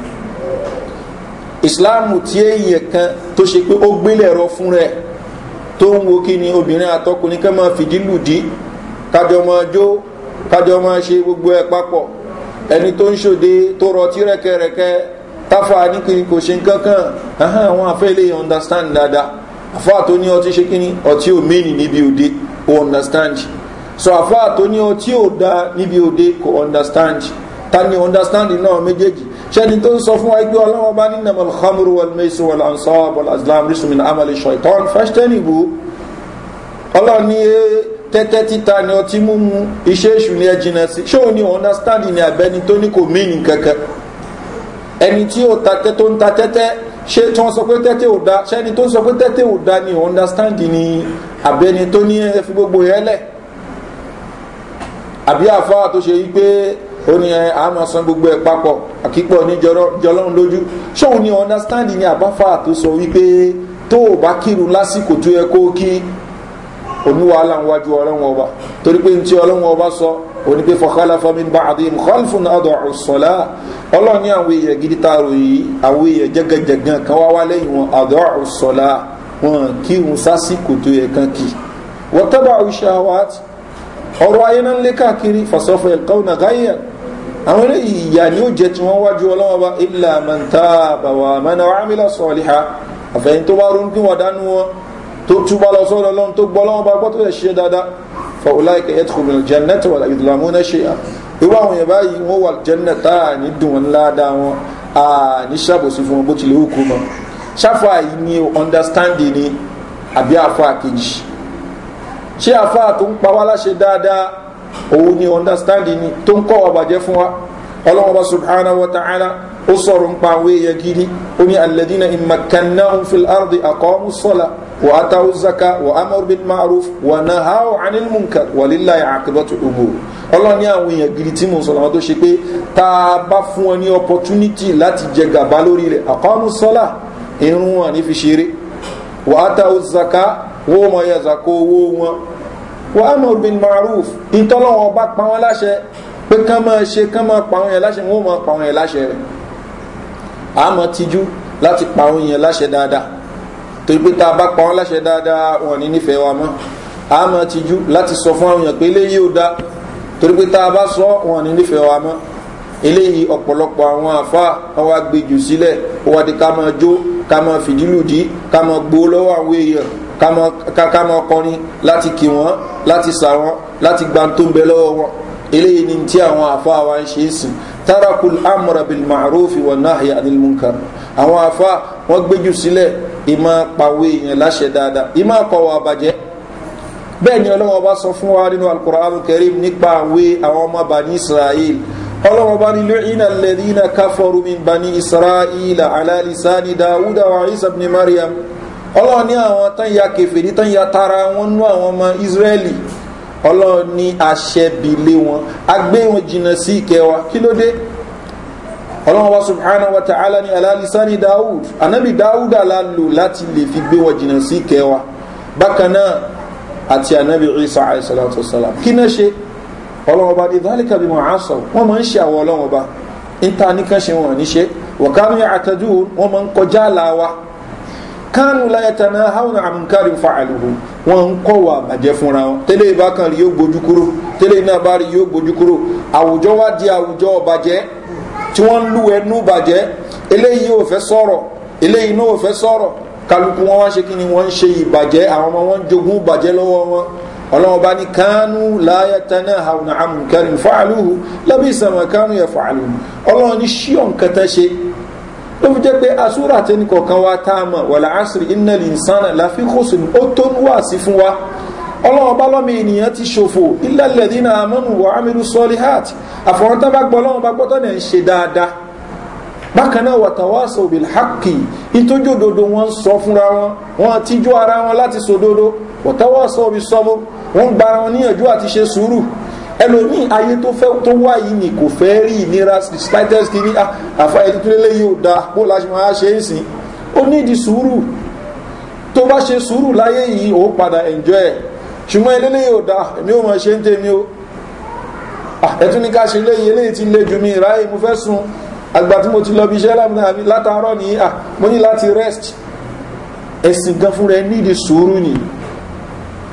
ìsìláàmù tí èèyàn kan tó ṣe pé ó gbélé ẹ̀rọ fún rẹ̀ tó ń wo kí ni obìnrin àtọkùnrin kan máa fìdí lùdí kájọ máa jó kájọ máa ṣe gbogbo ẹ̀ papọ̀ ẹni tó ń ṣòde tó rọtí rẹ̀kẹ̀rẹ̀kẹ̀ táfà ní kí ni kò ṣe nǹkan kan ahán àwọn afẹ́ ilé understand dáadáa àfà tó ní ọtí ṣe kí ni ọtí ò mẹ́rin níbi òde ó understand so àfà tó ní ọtí ò da níbi òde kò understand ta ni understand náà méjèèjì ṣẹ́ni tó ń sọ fún wa pé ọlọ́wọ́n bá ní nàmọ̀ alhamdu wa mẹ́sàn wa lansọ́ wa islam risumin amali shaitan fashtani bu Allah ní tẹ́tẹ́ títa ni ọtí múmu iṣẹ́ èṣù ni ẹ jìnnà sí ṣé òun ni understand ni àbẹ́ni tó ní kò mí nìkankan ẹni tí ó ta tẹ́tẹ́ tó ń ta tẹ́tẹ́ ṣé tí wọ́n sọ pé tẹ́tẹ́ ò da ṣé ẹni tó ń sọ pé tẹ́tẹ́ ò da ni understand ni àbẹ́ni tó ní ẹ fi gbogbo yẹn lẹ̀ àbí àfa tó ṣe yí pé ó ní ẹ a máa san gbogbo ẹ papọ̀ àkípọ̀ ní jọlọ́run lójú ṣóun ni understand ni àbáfà tó sọ wípé tó o bá kírun lásìkò tó yẹ kó kí oníwàhálà ń wájú ọlọ́run ọba torí pé ní tí ọlọ́run ọba sọ onípe fakhalafa min ba'dihim khalfun ad'u s-salah ọlọ́ọ̀ni àwọn èèyàn gidi taaro yìí àwọn èèyàn jẹ́gẹ́jẹ́gán kan wá wá lẹ́yìn wọn ad'u s-salah wọn kí wọn sásìkò tó yẹ kan kì wattaba'u shahawat ọ̀rọ̀ ayé náà ń lé káàkiri fasawfa yalqawna ghayya àwọn eléyìí ìyà ni ó jẹ tí wọ́n wájú ọlọ́wọ́ bá illa man taba wa amana wa amila salihan bá ronú kí wọ́n dánú wọn tó túbọ̀ lọ sọ́dọ̀ ọlọ́run tó gbọ́ ọlọ́run bá gbọ́ tó lè ṣe dáadáa fọwọ́lá ìkẹ́ ẹ̀ tó kò bẹ̀rẹ̀ jẹ́nẹ́tì wà láti ìdùnnú amúnẹ́ ṣe à irú àwọn yẹn báyìí wọ́n wà jẹ́nẹ́tì à ní dùn wọn ládàá wọn à ní ṣàbòsí fún wọn bó tilẹ̀ ó kú mọ́ ṣáfà yìí ni understanding ni àbí àfa kejì ṣé àfa tó ń pa wá láṣẹ dáadáa òun ni understanding ni tó ń kọ́ wa fún wa ọlọ́run bá subhanahu wa ta'ala ó sọ̀rọ̀ ń pa àwọn èèyàn gidi ó alẹ́dínà ìmọ̀kànnáhùn fìlárdi àkọ́mú sọ́la واتوا الزكاه وامروا بالمعروف ونهوا عن المنكر ولله عاقبه الامور ọlọ́run ní àwọn èèyàn gidi tí mo sọ làwọn tó ṣe pé tá a bá fún ọ ní opportunity láti jẹ gàba lórí rẹ̀ àkọ́nù sọ́là irun wọn ní fi ṣeré wà á ta òzàká wọ́n mọ̀ ya zàkó owó wọn wà á mọ̀ bin maruf ìtọ́lọ́wọ́ bá pa wọn láṣẹ pé kán máa ṣe kán máa pa wọn yẹn láṣẹ wọ́n máa pa wọn yẹn láṣẹ rẹ̀ àmọ́ tijú láti pa wọn yẹn láṣẹ dáadáa torí pé tá a bá pa wọn láṣẹ dáadáa wọn ní nífẹ̀ẹ́ wa mọ́ a máa tijú láti sọ fún àwọn èèyàn pé eléyìí ò da torí pé tá a bá sọ wọn ní nífẹ̀ẹ́ wa mọ́ eléyìí ọ̀pọ̀lọpọ̀ àwọn àfa wọn wá gbèjù sílẹ̀ wọn wá di ká máa jó ká máa fìdílùdí ká máa gbowó lọ́wọ́ àwọn èèyàn ká máa kọrin láti kì wọ́n láti sà wọ́n láti gba tó ń bẹ lọ́wọ́ wọn eléyìí ni tí àwọn àfa wa ń ṣe é sìn tarakul amra bil ma'ruf wa nahya anil munkar àwọn afa wọn gbéjú sílẹ̀ ìmọ̀ pàwé èèyàn láṣẹ dáadáa ìmọ̀ pàwọ̀ àbàjẹ́ bẹ́ẹ̀ ni ọlọ́wọ́n bá sọ fún wa nínú alukur'an kẹrim nípa àwé àwọn ọmọ bani israel ọlọ́wọ́n bá ní lóyìnà lẹ́dínà káfọ́rù mi bani israel alalisani dawuda wa isa bin mariam ọlọ́wọ́n ní àwọn tán ya kẹfẹ́ ní tán tara wọn nú àwọn ọmọ israeli ọlọ́wọ́n ní aṣẹ́bi lé wọn agbé jìnnà sí ìkẹwàá kí ló dé ọlọ́wọ́n wa subhanahu wa ta'ala ni alalisani daud anabi daud alalu láti lè fi gbé wa jìnnà sí kẹwa bákan náà àti anabi isa alayhisalatu wasalam kí náà ṣe ọlọ́wọ́n ba ìdálẹ́kà bí wọ́n á sọ wọ́n máa ń ṣe àwọn ọlọ́wọ́n ba níta nìkan ṣe wọ́n ní ṣe wọ̀kánú yà àtàdù wọ́n máa ń kọjá àlàáwa kánú láyàtà náà haúnà àmúkárí fàálùhù wọ́n ń kọ́ wà bàjẹ́ fúnra wọn tẹ́lẹ̀ ìbákan rí yóò gbójú kúrò tẹ́lẹ̀ iná bá rí yóò gbójú kúrò àwùjọ wá di àwùjọ ọ̀bàjẹ́ tí wọ́n ń lu ẹnu bàjẹ́ eléyìí ò fẹ́ sọ̀rọ̀ eléyìí náà ò fẹ́ sọ̀rọ̀ kálukú wọn wá ṣe kí ni wọ́n ń ṣe ìbàjẹ́ àwọn ọmọ wọn ń jogún bàjẹ́ lọ́wọ́ wọn ọlọ́wọ́ bá ní kánú láyé tánà àwọn àmùkẹ́rin fàálùhù lábí ìsànmà kánú yẹ fàálùhù ọlọ́wọ́ ní ṣíọ̀n kẹta ṣe ló fi jẹ́ pé asúrà tẹ́nìkọ̀ọ̀kan wa táàmà wàlá àṣírí iná lè sánà láfi kòsùn ó tó ń wà sí fún wa ọlọ́wọ́ bá lọ́mọ ènìyàn ti ṣòfò ilẹ̀lẹ̀ nínú àmọ́nù wà ámìlú sọ́lì hàt àfọ̀wọ́n tó bá gbọ́ ọlọ́wọ́ bá gbọ́tọ̀ náà ń ṣe dáadáa bákan náà wàtàwásọ òbílẹ̀ hákì ìtójú òdodo wọn sọ fúnra wọn wọn tíjú ara wọn láti sòdodo wàtàwásọ òbí sọmọ wọn gba ara wọn níyànjú àti ṣe sùúrù ẹlòmíì ayé tó fẹ́ tó wá yìí ni kò fẹ́ rí ìnira slightest kiri ah, àfa ẹ̀dútúlélẹ́ yìí ò dáa bó la ṣe ṣe é sìn ó nídìí sùúrù tó bá ṣe sùúrù láyé yìí ó padà enjoy ṣùgbọ́n ilé yóò dá èmi ò mọ̀ ṣe ń tèmi o ah, ẹ̀tún ní ká ṣe léyìn eléyìí ti lè jù mí ìráyè mo fẹ́ sun àgbà tí mo ti lọ bí iṣẹ́ látàárọ̀ ní à ah, mo ní láti rest ẹ̀sìn gan fúnra ẹ nídìí sùúrù ni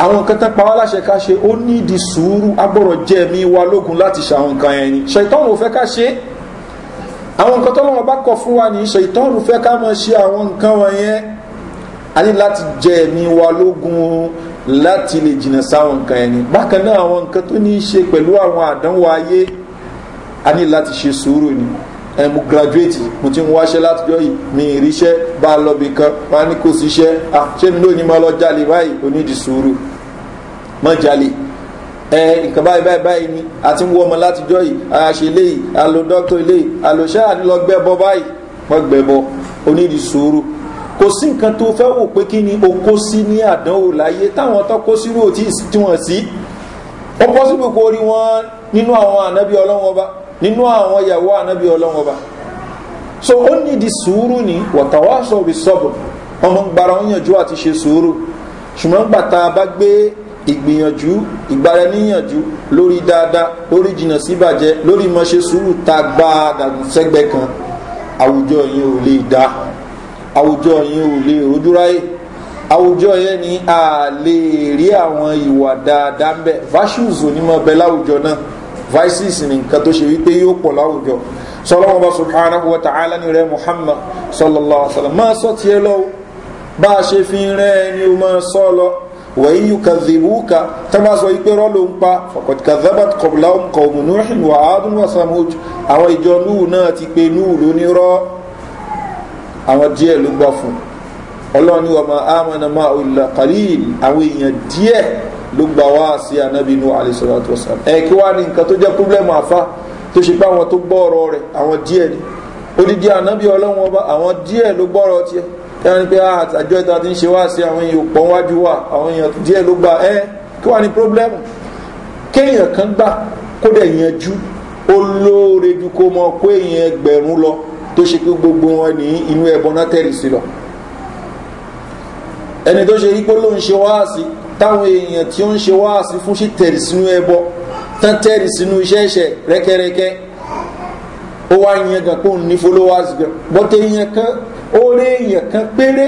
àwọn kan tán pawá láṣẹ ká ṣe ó nídìí sùúrù agbọ́rọ̀ jẹ́ mi wa lógun láti ṣàwọn nǹkan ẹ̀ ni ṣètọ́n ò fẹ́ ká ṣe àwọn nǹkan tó lọ́wọ́ bá kọ̀ fún wa ní ṣètọ́n ò fẹ́ ká mọ̀ ṣe àwọn nǹkan wọ̀nyẹn a ní láti jẹ́ mi wa lógun láti lè jìnà sáwọn nǹkan ẹni bákan náà àwọn nǹkan tó ní í ṣe pẹ̀lú àwọn àdánwò ayé a ní láti ṣe sùúrù ni ẹ mo graduate mo ti ń wáṣẹ́ látijọ́ yìí mi ì ríṣẹ́ bá a lọ bì kan wọn á ní kò síṣẹ́ à ah, ṣé mi lónìí máa lọ jalè báyìí onídìí sùúrù mọ́ jalè ẹ nǹkan báyìí báyìí báyìí ni a ti ń wọ́ ọmọ látijọ́ yìí a ṣe léyìí a lo dókítà léyìí a lo ṣáà ní lọ gbẹ́bọ báyìí wọ́n gbẹ́bọ onídìí sùúrù kò sí nǹkan tó fẹ́ wò pé kí ni o kó sí ní àdánwò láyé táwọn tó kó sírò tí wọ́n sí ó bọ́ síbò kó rí wọn nínú àwọn ànábì ọlọ́wọ́n bá nínú àwọn ìyàwó ànábì ọlọ́wọ́n bá so ó ní di sùúrù ní wọ̀tàwáṣọ òbí sọ́bù ọmọ gbara ń yànjú àti ṣe sùúrù ṣùgbọ́n gbà tá a bá gbé ìgbìyànjú ìgbara níyànjú lórí dáadáa lórí jìnnà síbàjẹ́ lórí mọ̀ ṣe sùúrù tá a dàgbù sẹ́gbẹ́ kan àwùjọ yìí ò lè dáa àwùjọ yẹn ò lè rojú ráyè àwùjọ yẹn ni a lè rí àwọn ìwà dáadáa ń bẹ virtues onímọ̀ bẹ láwùjọ náà vices ni nǹkan tó ṣe wípé yóò pọ̀ láwùjọ sọlọ́wọ́n bá subhanahu wa ta'ala ni rẹ muhammad sallallahu alaihi wa sallam máa sọ tiẹ̀ lọ́wọ́ bá a ṣe fi rẹ́ ẹni o máa sọ lọ wẹ̀yí yukadhibuka tọ́bá sọ ipé rọ́lò ń pa faqad kadhabat qablahum qawmu nuhin wa adun wa samud àwọn ìjọ núhù náà ti pe núhù lónírọ́ àwọn díẹ̀ ló gbà fún ọlọ́run ní ọmọ amọ̀nàmọ́ ìlà kàlíl àwọn èèyàn díẹ̀ ló gbà wá sí anábì inú àlẹ́sọ̀rọ̀ ẹ̀ kí wá ní nǹkan tó jẹ́ públẹ́mù àfa tó ṣe pé àwọn tó gbọ́ ọ̀rọ̀ odidi anábì ọlọ́run ọba àwọn díẹ̀ ló gbọ́ ọ̀rọ̀ tiẹ̀ ẹni pé ah, àjọ ìta ti ń ṣe wá sí àwọn èèyàn pọ̀ wájú wa àwọn èèyàn díẹ̀ ló gba ẹ́ kí wà ní pírọ́blẹ́mù kéèyàn kan gbà kó dẹ̀ yanjú ó ju kó mọ kó èèyàn ẹgbẹ̀rún lọ tó ṣe pé gbogbo wọn ní inú ẹbọn náà tẹ̀rì sí lọ ẹni tó ṣe ipò ló ń ṣe wáàsí táwọn èèyàn tí ó ń ṣe wáàsí fún ṣe tẹ̀rì sínú ẹbọ tán tẹ̀rì sínú iṣẹ́ ẹ̀ṣẹ̀ rẹ́kẹ́rẹ́kẹ́ ó wá yẹn gan kó ní followers gan bọ́tẹ̀ yẹn kan ó rí èèyàn kan péré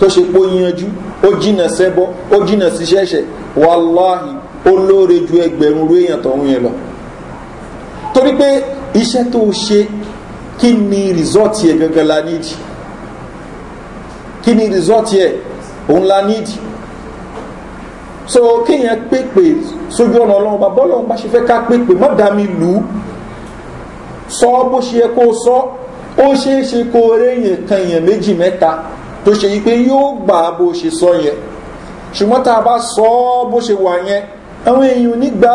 tó ṣe pé ó yanjú ó jìnà sẹ́bọ ó jìnà síṣẹ́ wàláhì ó lóore ju ẹgbẹ̀rún rú èèyàn tọ̀hún yẹn lọ torí pé iṣẹ́ tó ṣe kí ni rìsọ́ọ̀tì ẹ̀ gangan la nídi kí ni rìsọ́ọ̀tì ẹ̀ òun la nídi so kéèyàn pépè sójú ọ̀nà ọlọ́run bá bọ́ọ̀lù ọ̀hún bá ṣe fẹ́ ká pépè má dá mi lù ú sọ bó ṣe yẹ kó sọ ó ṣeé ṣe kó réyìn kan èèyàn méjì mẹ́ta tó ṣe yí pé yóò gbà bó ṣe sọ yẹn ṣùgbọ́n tá a bá sọ bó ṣe wà yẹn àwọn èèyàn nígbà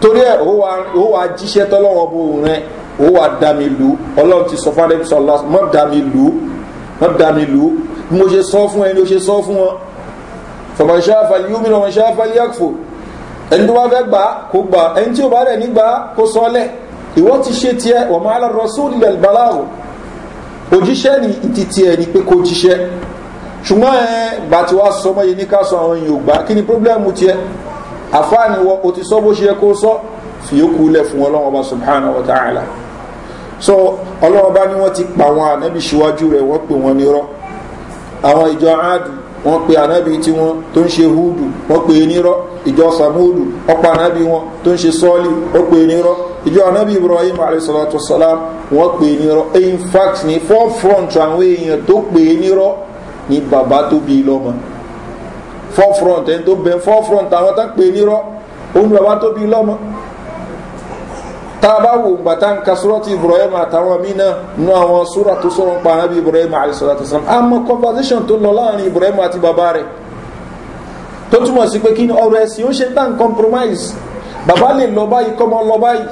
torí ẹ̀ ó wàá jíṣẹ́ tọ́lọ́wọ́ bó rẹ̀ ó wà dá mi lù ọlọ́run ti sọ fún adébí sọ lọ mọ́ dá mi lù mọ́ dá mi lù mo ṣe sọ fún ẹni ó ṣe sọ fún wọn fọmọṣẹ́ àfàlì yóò mìíràn ọmọṣẹ́ àfàlì àkùfò ẹni tó bá fẹ́ gbà kó gbà ẹni tí ò bá rẹ̀ nígbà kó sọlẹ̀ ìwọ́ ti ṣe tiẹ̀ wọ́n máa lọ rọ́sùn ilẹ̀ ìbáláwò òjíṣẹ́ ni títí ẹni pé kó jíṣẹ́ ṣùgbọ́n ẹ bá ti wá sọmọ yìí ní ká sọ àwọn èèyàn ògbà kí ni pírọ́blẹ́mù tiẹ̀ àfáàní wọ o ti sọ bó ṣe yẹ kó sọ fìyókù lẹ̀ fún ọlọ́wọ́n ọba subhanahu wa ta'ala. so ọlọ́wọ́ bá ní wọ́n ti pa àwọn ànábì síwájú rẹ̀ wọ́n pè wọ́n nírọ́ àwọn ìjọ áàdù wọ́n pe ànábì tí wọ́n tó ń ṣe húdù wọ́n pe nírọ́ ìjọ samúdù wọ́n pa ànábì wọn tó ń ṣe sọ́ọ̀lì wọ́n pe nírọ́ ìjọ ànábì ibrahim alayhisalatu salam wọ́n pe nírọ́ in fact ní forefront àwọn èèyàn tó pe nírọ́ ní bàbá tó bí lọ́mọ forefront ẹni tó bẹ forefront àwọn tó pe nírọ́ òun bàbá tó bí lọ́mọ tàbáwò gbàtà nǹkan súrọ́tì ibrahim àtàwọn mína nú àwọn súra tó sọ̀rọ̀ ń pa ànábì ibrahim alayhisalaam àmọ́ conversation tó lọ láàrin ibrahim àti bàbá rẹ̀ tó túmọ̀ sí pé kí ni ọrọ̀ ẹ̀sìn ó ṣe tán compromise bàbá lè lọ báyìí kọ́mọ lọ báyìí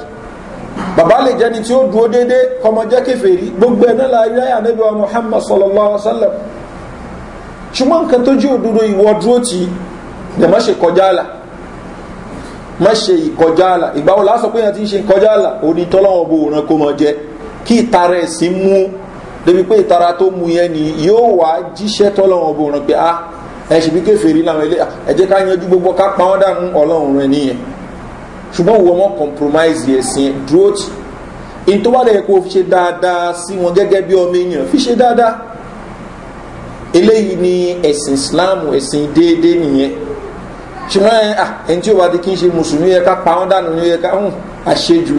bàbá lè jẹ́ni tí ó dúró déédéé kọ́mọ jẹ́ kẹfẹ́rí gbogbo ẹ̀ náà láàrin ayé ànábì wa muhammad sallallahu alayhi wa sallam ṣùgbọ́n nǹkan tó jí òdodo ìwọ dúró tì í dẹ̀ má ṣe má ṣe ìkọjá àlà ìgbà wo lásán pé yẹn ti ń ṣe ìkọjá àlà onítọ́lọ́wọ́ bo òran kó mọ jẹ kí ìtara ẹ̀sìn mú débi pé ìtara tó mu yẹn ni yóò wá jíṣẹ́ tọ́lọ́wọ́ bo òran pé a ah, ẹ ṣe bí kéferì làwọn ilé ah, ẹ jẹ́ ká yanjú gbogbo ká pa wọ́n dànù ọlọ́run rẹ nìyẹn ṣùgbọ́n wọ́n mọ́ compromise ẹ̀sìn dúró tì in tó kó ṣe dáadáa sí wọn gẹ́gẹ́ bí ọmọ èèyàn fi ṣe dáadáa eléyìí ni ẹ̀sìn islam ẹ̀sìn déédéé nìyẹn ṣùgbọ́n ẹ à ẹni tí ó wá di kí n ṣe mùsùlùmí yẹ ká pa wọ́n dànù ní yẹ ká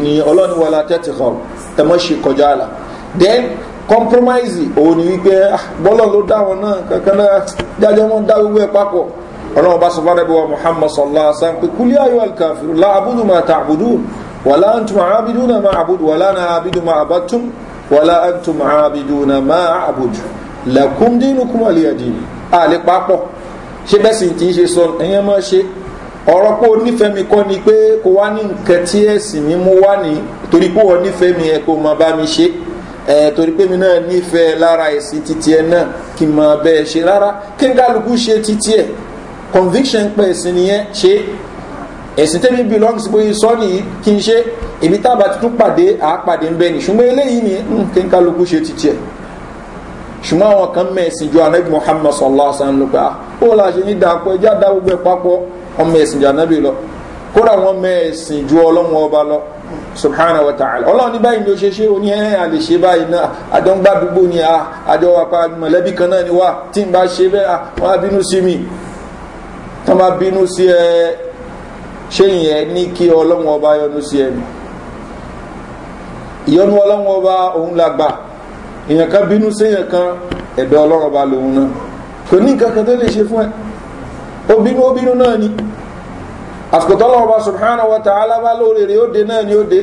ni ọlọ́ni wọlá tẹ́tì hàn ẹ mọ́ ṣe kọjá àlà then compromise òun ni wípé bọ́lọ̀ ló dá wọn náà kankan náà jájọ́ wọn dá gbogbo ẹ̀ papọ̀ ọlọ́run bá sọ fún arábíwá muhammad sallallahu alaihi wa sallam pé kúlẹ̀ ayọ̀ alkafiru la abudu ma ta abudu wàlá antum abidu na ma abudu wàlá na abidu ma abatum wàlá antum abidu na ma abudu lakum dínú kúmọ̀lì àdínì àlepapọ̀ ṣé bẹ́ẹ̀ sì ti ń ṣe sọ ẹ̀yẹn mọ́ ṣe ọ̀rọ̀ pé onífẹ́ mi kọ́ ni pé kò wá ní nǹkan tí ẹ̀sìn mi mú wá ní torí pé wọ́n nífẹ́ mi ẹ̀ kò mọ̀ bá mi ṣe ẹ̀ torí pé mi náà nífẹ̀ẹ́ lára ẹ̀sìn titi ẹ̀ náà kì mọ̀ bẹ́ẹ̀ ṣe rárá kí n kálukú ṣe titi ẹ̀ conviction pé ẹ̀sìn nìyẹn ṣe ẹ̀sìn tẹ́mi belong sí bóyá sọ́ nìyí kí n ṣe èmi tábà tuntun pàdé àápàdé ń bẹ́ẹ̀ nì ṣùgbọ́n eléyìí ni hmm, kí n kálukú ṣe titi ẹ̀ ṣùgbọ́n àwọn kan mẹ́sìn ju anabi muhammad sallallahu alaihi wa sallam ló pé ah ó la ṣe ní dàpọ̀ ẹjẹ́ àdá gbogbo ẹ̀ papọ̀ ọmọ ẹ̀sìn ju anabi lọ kódà wọn mẹ́sìn ju ọlọ́wọ́n ọba lọ subhanahu wa ta'ala ọlọ́run ní báyìí ni ó ṣe ṣe ó ní ẹ́ àlèṣe báyìí náà àdọ́ngbà àdúgbò ni a ah, àjọ apá mọ̀lẹ́bí kan náà ni wá tí n bá ṣe bẹ́ẹ̀ ah, wọ́n á bínú sí mi wọ́n máa bínú sí ẹ ṣé ìyẹn ní kí ọlọ́run ọba yọnu sí ẹnu ìyọnu ọlọ́run ọba òun la gbà èèyàn kan bínú séèyàn kan ẹ̀dọ̀ ọlọ́rọ̀ bá lòun náà kò ní nǹkan kan tó lè ṣe fún ẹ obìnú obìnú náà ni àsìkò tọ́lọ́rọ̀ wa ta'ala bá lóore rẹ̀ ó de náà ni ó de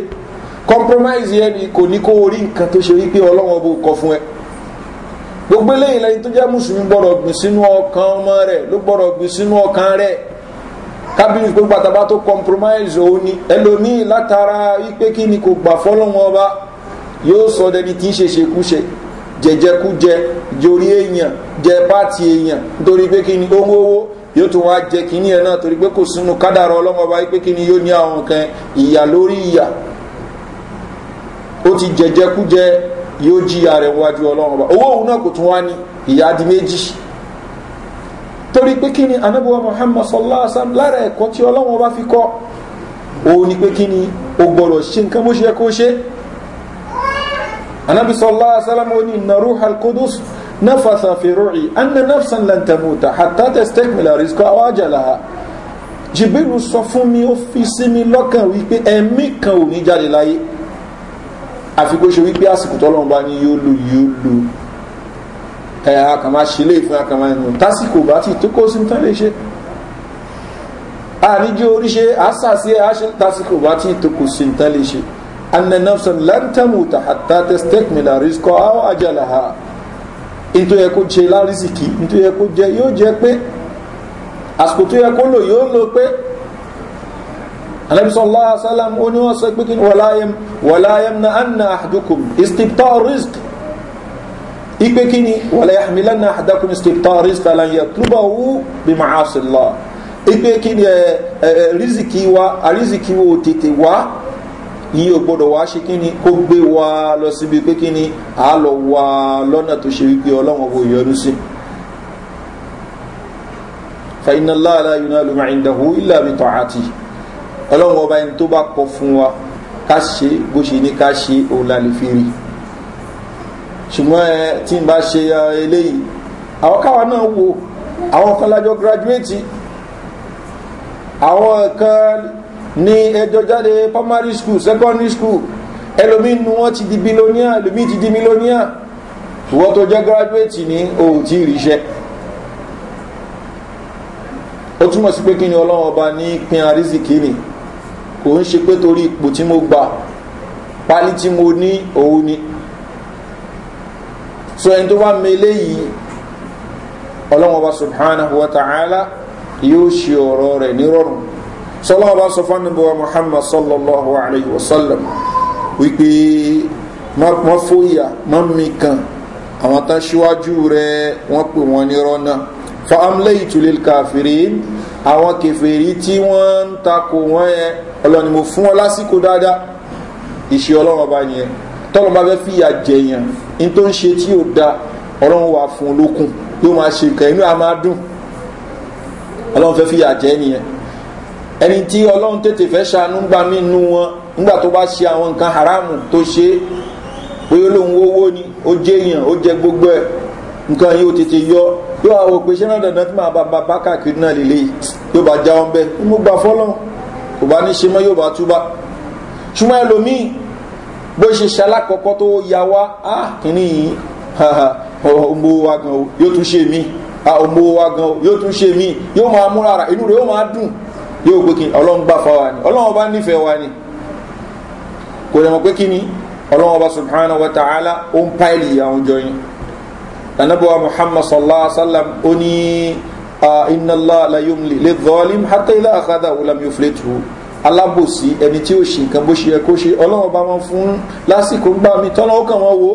compromise yẹn ni kò ní kó orí nǹkan tó ṣe wípé ọlọ́wọ́n bó kọ fún ẹ gbogbo eléyìí lẹni tó jẹ́ mùsùlùmí gbọ́dọ̀ gbìn sínú ọkàn ọmọ rẹ̀ ló gbọ́dọ̀ gbìn sínú ọkàn rẹ̀ kábínú gbogbo àtàbá tó compromise òun ni ẹlòmíì látara wípé kí ni kò gbà fọ́lọ́wọ́n ọba yóò sọ dẹni tí ń ṣe ṣekúṣe jẹjẹkújẹ jorí èèyàn jẹ pàtì èèyàn nítorí pé kí ni ó ń wówó yóò tún wá jẹ kí ni ẹ náà torí pé kò sínú kádàrọ ọlọ́mọba yìí pé kí ni yóò ní àwọn nǹkan ìyà lórí ìyà ó ti jẹjẹkújẹ yóò jíyà rẹ̀ wájú ọlọ́mọba owó òun náà kò tún wá ní ìyá di méjì torí pé kí ni anábíwá muhammad sallallahu alaihi wasallam lára ẹ̀kọ́ tí ọlọ́mọba fi kọ́ òun ni pé kí ni ó gbọ́dọ̀ ṣe nǹkan bó ṣe yẹ kó ṣe anabi sallallahu alaihi wasallam oni inna ruhal qudus nafatha fi ru'i anna nafsan lan tamuta hatta tastakmila rizqa aw ajalaha jibiru sọ fún mi ó fi sí mi lọ́kàn wípé ẹ̀mí kan ò ní jáde láyé àfi kó ṣe wípé àsìkò tọ́lọ́run bá ní yóò lò yóò lò ẹ̀ àkàmá ṣe lè fún àkàmá ẹnu tásìkò bá ti tó kó sí tán lè ṣe àníjó oríṣe àṣàṣe àṣẹ tásìkò bá ti tó kó sí tán lè ṣe anna nafsan lan tamuta hatta tastakmila rizqaha aw ajalaha nítorí yẹ kó jẹ lárísìkì nítorí yẹ kó jẹ yóò jẹ pé àsìkò tó yẹ kó lò yóò lò pé anabisọ allah salam ó ní wọn sọ pé kí wàláyẹm wàláyẹm na anna ahdukum istibta risk ipe kí ni wàláyẹm na ahdukum istibta risk alan yẹ tuba wu bí macaasila ipe kí ni ẹ ẹ riziki wa ariziki wo tètè wa yìí ò gbọdọ̀ wá ṣe kíni kó gbé wa lọ síbi pé kíni à á lọ wa lọ́nà tó ṣe wípé ọlọ́wọ́n bò yọnu sí. fàyínà láàlá yìí lùmọ̀ ìdàhù ilà mi tàn àti ọlọ́wọ́n ọba ẹni tó bá kọ fún wa ká ṣe bó ṣe ní ká ṣe òun lè fi rí ṣùgbọ́n ẹ tí n bá ṣe eléyìí àwọn káwa náà wo àwọn kan lájọ gíráduwéètì àwọn kan ní ẹjọ́ jáde primary school secondary school ẹlòmíín nu wọ́n ti di billionaire ẹlòmíín ti di millionaire ìwọ́n tó jẹ́ graduate ní òun tí ì ríṣẹ́ ó túmọ̀ sí pé kí ni ọlọ́run ọba ní pin àrísìkí ni kò ń ṣe pé torí ipò tí mo gbà pálí tí mo ní òun ni so ẹni tó bá mi eléyìí ọlọ́run ọba subhanahu wa ta'ala yóò ṣe ọ̀rọ̀ rẹ̀ nírọ̀rùn sọlá ọba sọ fún anabiwa muhammad sallallahu alayhi wa sallam wípé wọn fòyà wọn mi kan àwọn tán síwájú rẹ wọn pè wọn ní rọnà fa amúlẹ̀ ìtúlẹ̀ káfíìrì àwọn kẹfìrí tí wọ́n ń takò wọ́n yẹn ọlọ́ni mo fún wọn lásìkò dáadáa ìṣe ọlọ́run ọba yẹn tọ́lọ́n bá fìyà jẹyàn ní tó ń ṣe tí ò da ọlọ́run wà fún olókun yóò máa ṣe nǹkan inú àmà dùn ọlọ́run fẹ́ fìyà jẹ nìyẹn ẹni tí ọlọ́run tètè fẹ́ ṣàánú gbà mí nu wọn nígbà tó bá ṣe àwọn nǹkan haramu tó ṣe pé olóhun owó ni ó jẹ èèyàn ó jẹ gbogbo ẹ nǹkan yìí ó tètè yọ yóò àwọn òpè ṣẹ́ náà dandan tí màá bá ba bá náà lè yóò bá wọn ni mo gbà kò bá ní ṣe yóò bá ṣùgbọ́n ẹlòmíì tó ya wá á kìíní yìí ọmọ wa gan o yóò pé kí ọlọ́run gbà fáwa ni ọlọ́run ọba nífẹ̀ẹ́ wa ni kò dẹ̀ mọ̀ pé kí ni ọlọ́run ọba subhanahu wa ta'ala ó ń páìlì àwọn jọ yẹn lànàbọ̀wá muhammad sallallahu alaihi wa sallam ó ní iná la yomli lè zọ́ọ́lìm hátà ilé àkádà wùlám yóò filẹ̀ tù alábòsí ẹni tí ó ṣe nǹkan bó ṣe yẹ kó ṣe ọlọ́run ọba máa fún lásìkò gbà mí tọ́lá ó kàn wọ́n wo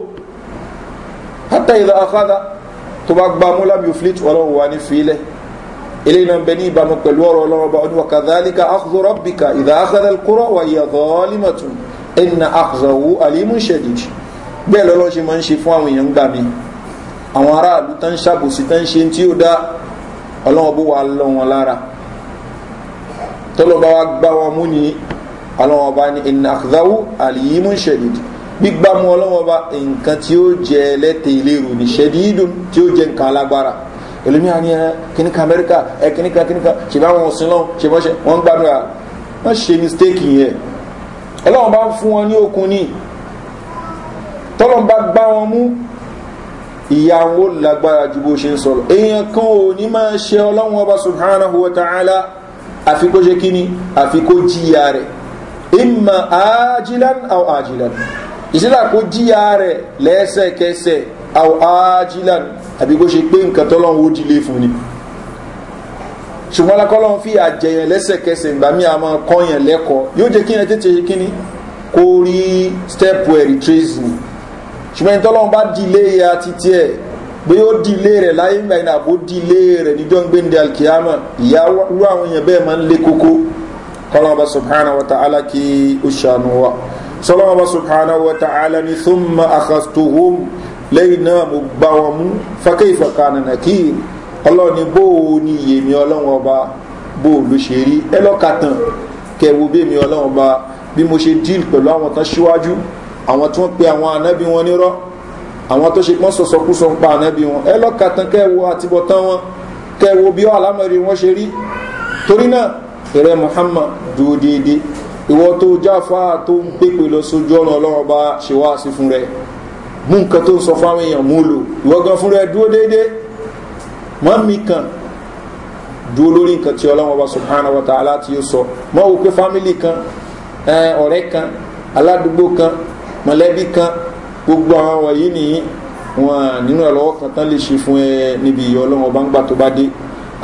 hátà ilé àkádà tó bá gbà mú lám yóò filẹ̀ tù ọlọ́run wà ní fi eléyìí náà bẹ ní ìbámu pẹ̀lú ọ̀rọ̀ ọlọ́run bá oníwà kàdálíkà àkùzọ rọ́bìkà ìdá àkàdà kúrọ̀ wà yàtọ̀ọ́límọ̀tù ẹ̀nà àkùzọ̀wù àlímú ṣẹ̀dìdì bẹ́ẹ̀ lọ́lọ́ ṣe máa ń ṣe fún àwọn èèyàn gbà mí àwọn aráàlú tán ṣàbòsí tán ṣe tí ó dá ọlọ́run bó wà lọ wọn lára tọ́lọ́ba wa gbá wọn mú ni ọlọ́run ọba ẹ̀nà àkùzọ̀wù àlímú ṣẹ̀dìdì gbígbá nǹkan tí ó jẹ ẹlẹ́tẹ̀ẹ́lérò ní ṣẹ̀dìdùn tí ó jẹ nǹkan alágbára ẹlòmíà ni ẹ eh, kíní kan amẹ́ríkà ẹ eh, kíní kan kíní kan ṣe bá wọn sin lọ́wọ́ ṣe wọ́n ṣe wọ́n ń gbàdúrà wọ́n ṣe mistake yẹn ọlọ́run bá fún wọn ní okun ní tọ́lọ́n bá gbá wọn mú ìyàwó lágbára ju bó ṣe ń sọ̀rọ̀ èèyàn kan ò ní máa ṣe ọlọ́run ọba subhanahu wa ta'ala àfi kó ṣe kíni àfi kó jíya rẹ̀ ìmọ̀ ajílan àwọn ajílan ìṣẹ́lá kó jíya rẹ̀ lẹ́sẹ̀kẹsẹ̀ àwọn ajílan àbí kó ṣe pé nǹkan tọ́lọ́run ó dilé fún ni ṣùgbọ́n lákọ́lọ́run fi àjẹyàn lẹ́sẹ̀kẹsẹ̀ ìgbà mí a máa kọ́yàn lẹ́kọ̀ọ́ yóò jẹ́ kí ẹ tètè ṣe kíní kó rí stẹ́pù ẹ̀rí trace ni ṣùgbọ́n ẹni tọ́lọ́run bá dilé ya títí ẹ̀ pé ó dilé rẹ̀ láyé ìgbà yìí àbó dilé rẹ̀ níjọ́ ń gbé ní alkiyama ìyá irú àwọn èèyàn bẹ́ẹ̀ máa ń lé kókó kọ́lọ́run bá subhanahu wa ta'ala kí ó ṣàánú wa sọlọ́run bá subhanahu wa ta'ala ni thumma akhastuhum lẹ́yìn náà mo gbá wọn mú fákẹ́ ìfọ̀kà nànà kí ọlọ́run ní bó o ní ìyèmí ọlọ́run ọba bó o ló ṣe rí ẹ lọ́ka tàn kẹwo bí èmi ọlọ́run ọba bí mo ṣe díìl pẹ̀lú àwọn tán síwájú àwọn tí wọ́n pe àwọn ànábì wọn nírọ́ àwọn tó ṣe pọ́n sọ̀sọ̀kúsọ ń pa ànábì wọn ẹ kẹwo àtibọ̀tán wọn kẹwo bí ọ àlámọ̀rí wọn ṣe rí torí náà ìrẹ́ muhammad dúró déédéé ìwọ tó jáfa tó ń pépè lọ sójú ọ̀nà ọlọ́run ọba ṣe wá sí fún rẹ̀ mú nǹkan tó ń sọ fáwọn èèyàn mú lò ìwọ́gan fúnra ẹ dúró déédéé mọ́ mi kàn dúró lórí nǹkan tí ọlọ́wọ́n bá subhanahu wa ta'ala ti yóò sọ mọ́ wò pé fámìlì kan ọ̀rẹ́ kan aládùúgbò kan mọ̀lẹ́bí kan gbogbo àwọn wọ̀nyí nìyí wọn nínú ẹ̀lọ́wọ́ kan tán lè ṣe fún ẹ níbi ìyọ́ ọlọ́wọ́n bá ń gbà tó bá dé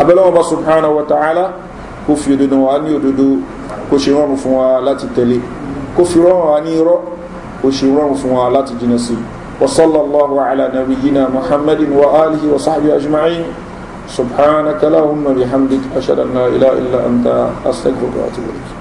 abẹ́lẹ́wọ́n bá subhanahu wa ta'ala kó fi òdodo wa ní òdodo kó ṣe rọrùn fún wa láti tẹ̀lé kó fi rọrùn wa ní irọ́ kó ṣe rọrùn fún wa láti jìnà sí وصلى الله على نبينا محمد وآله وصحبه أجمعين سبحانك اللهم بحمدك أشهد أن لا إله إلا أنت أستغفرك وأتوب إليك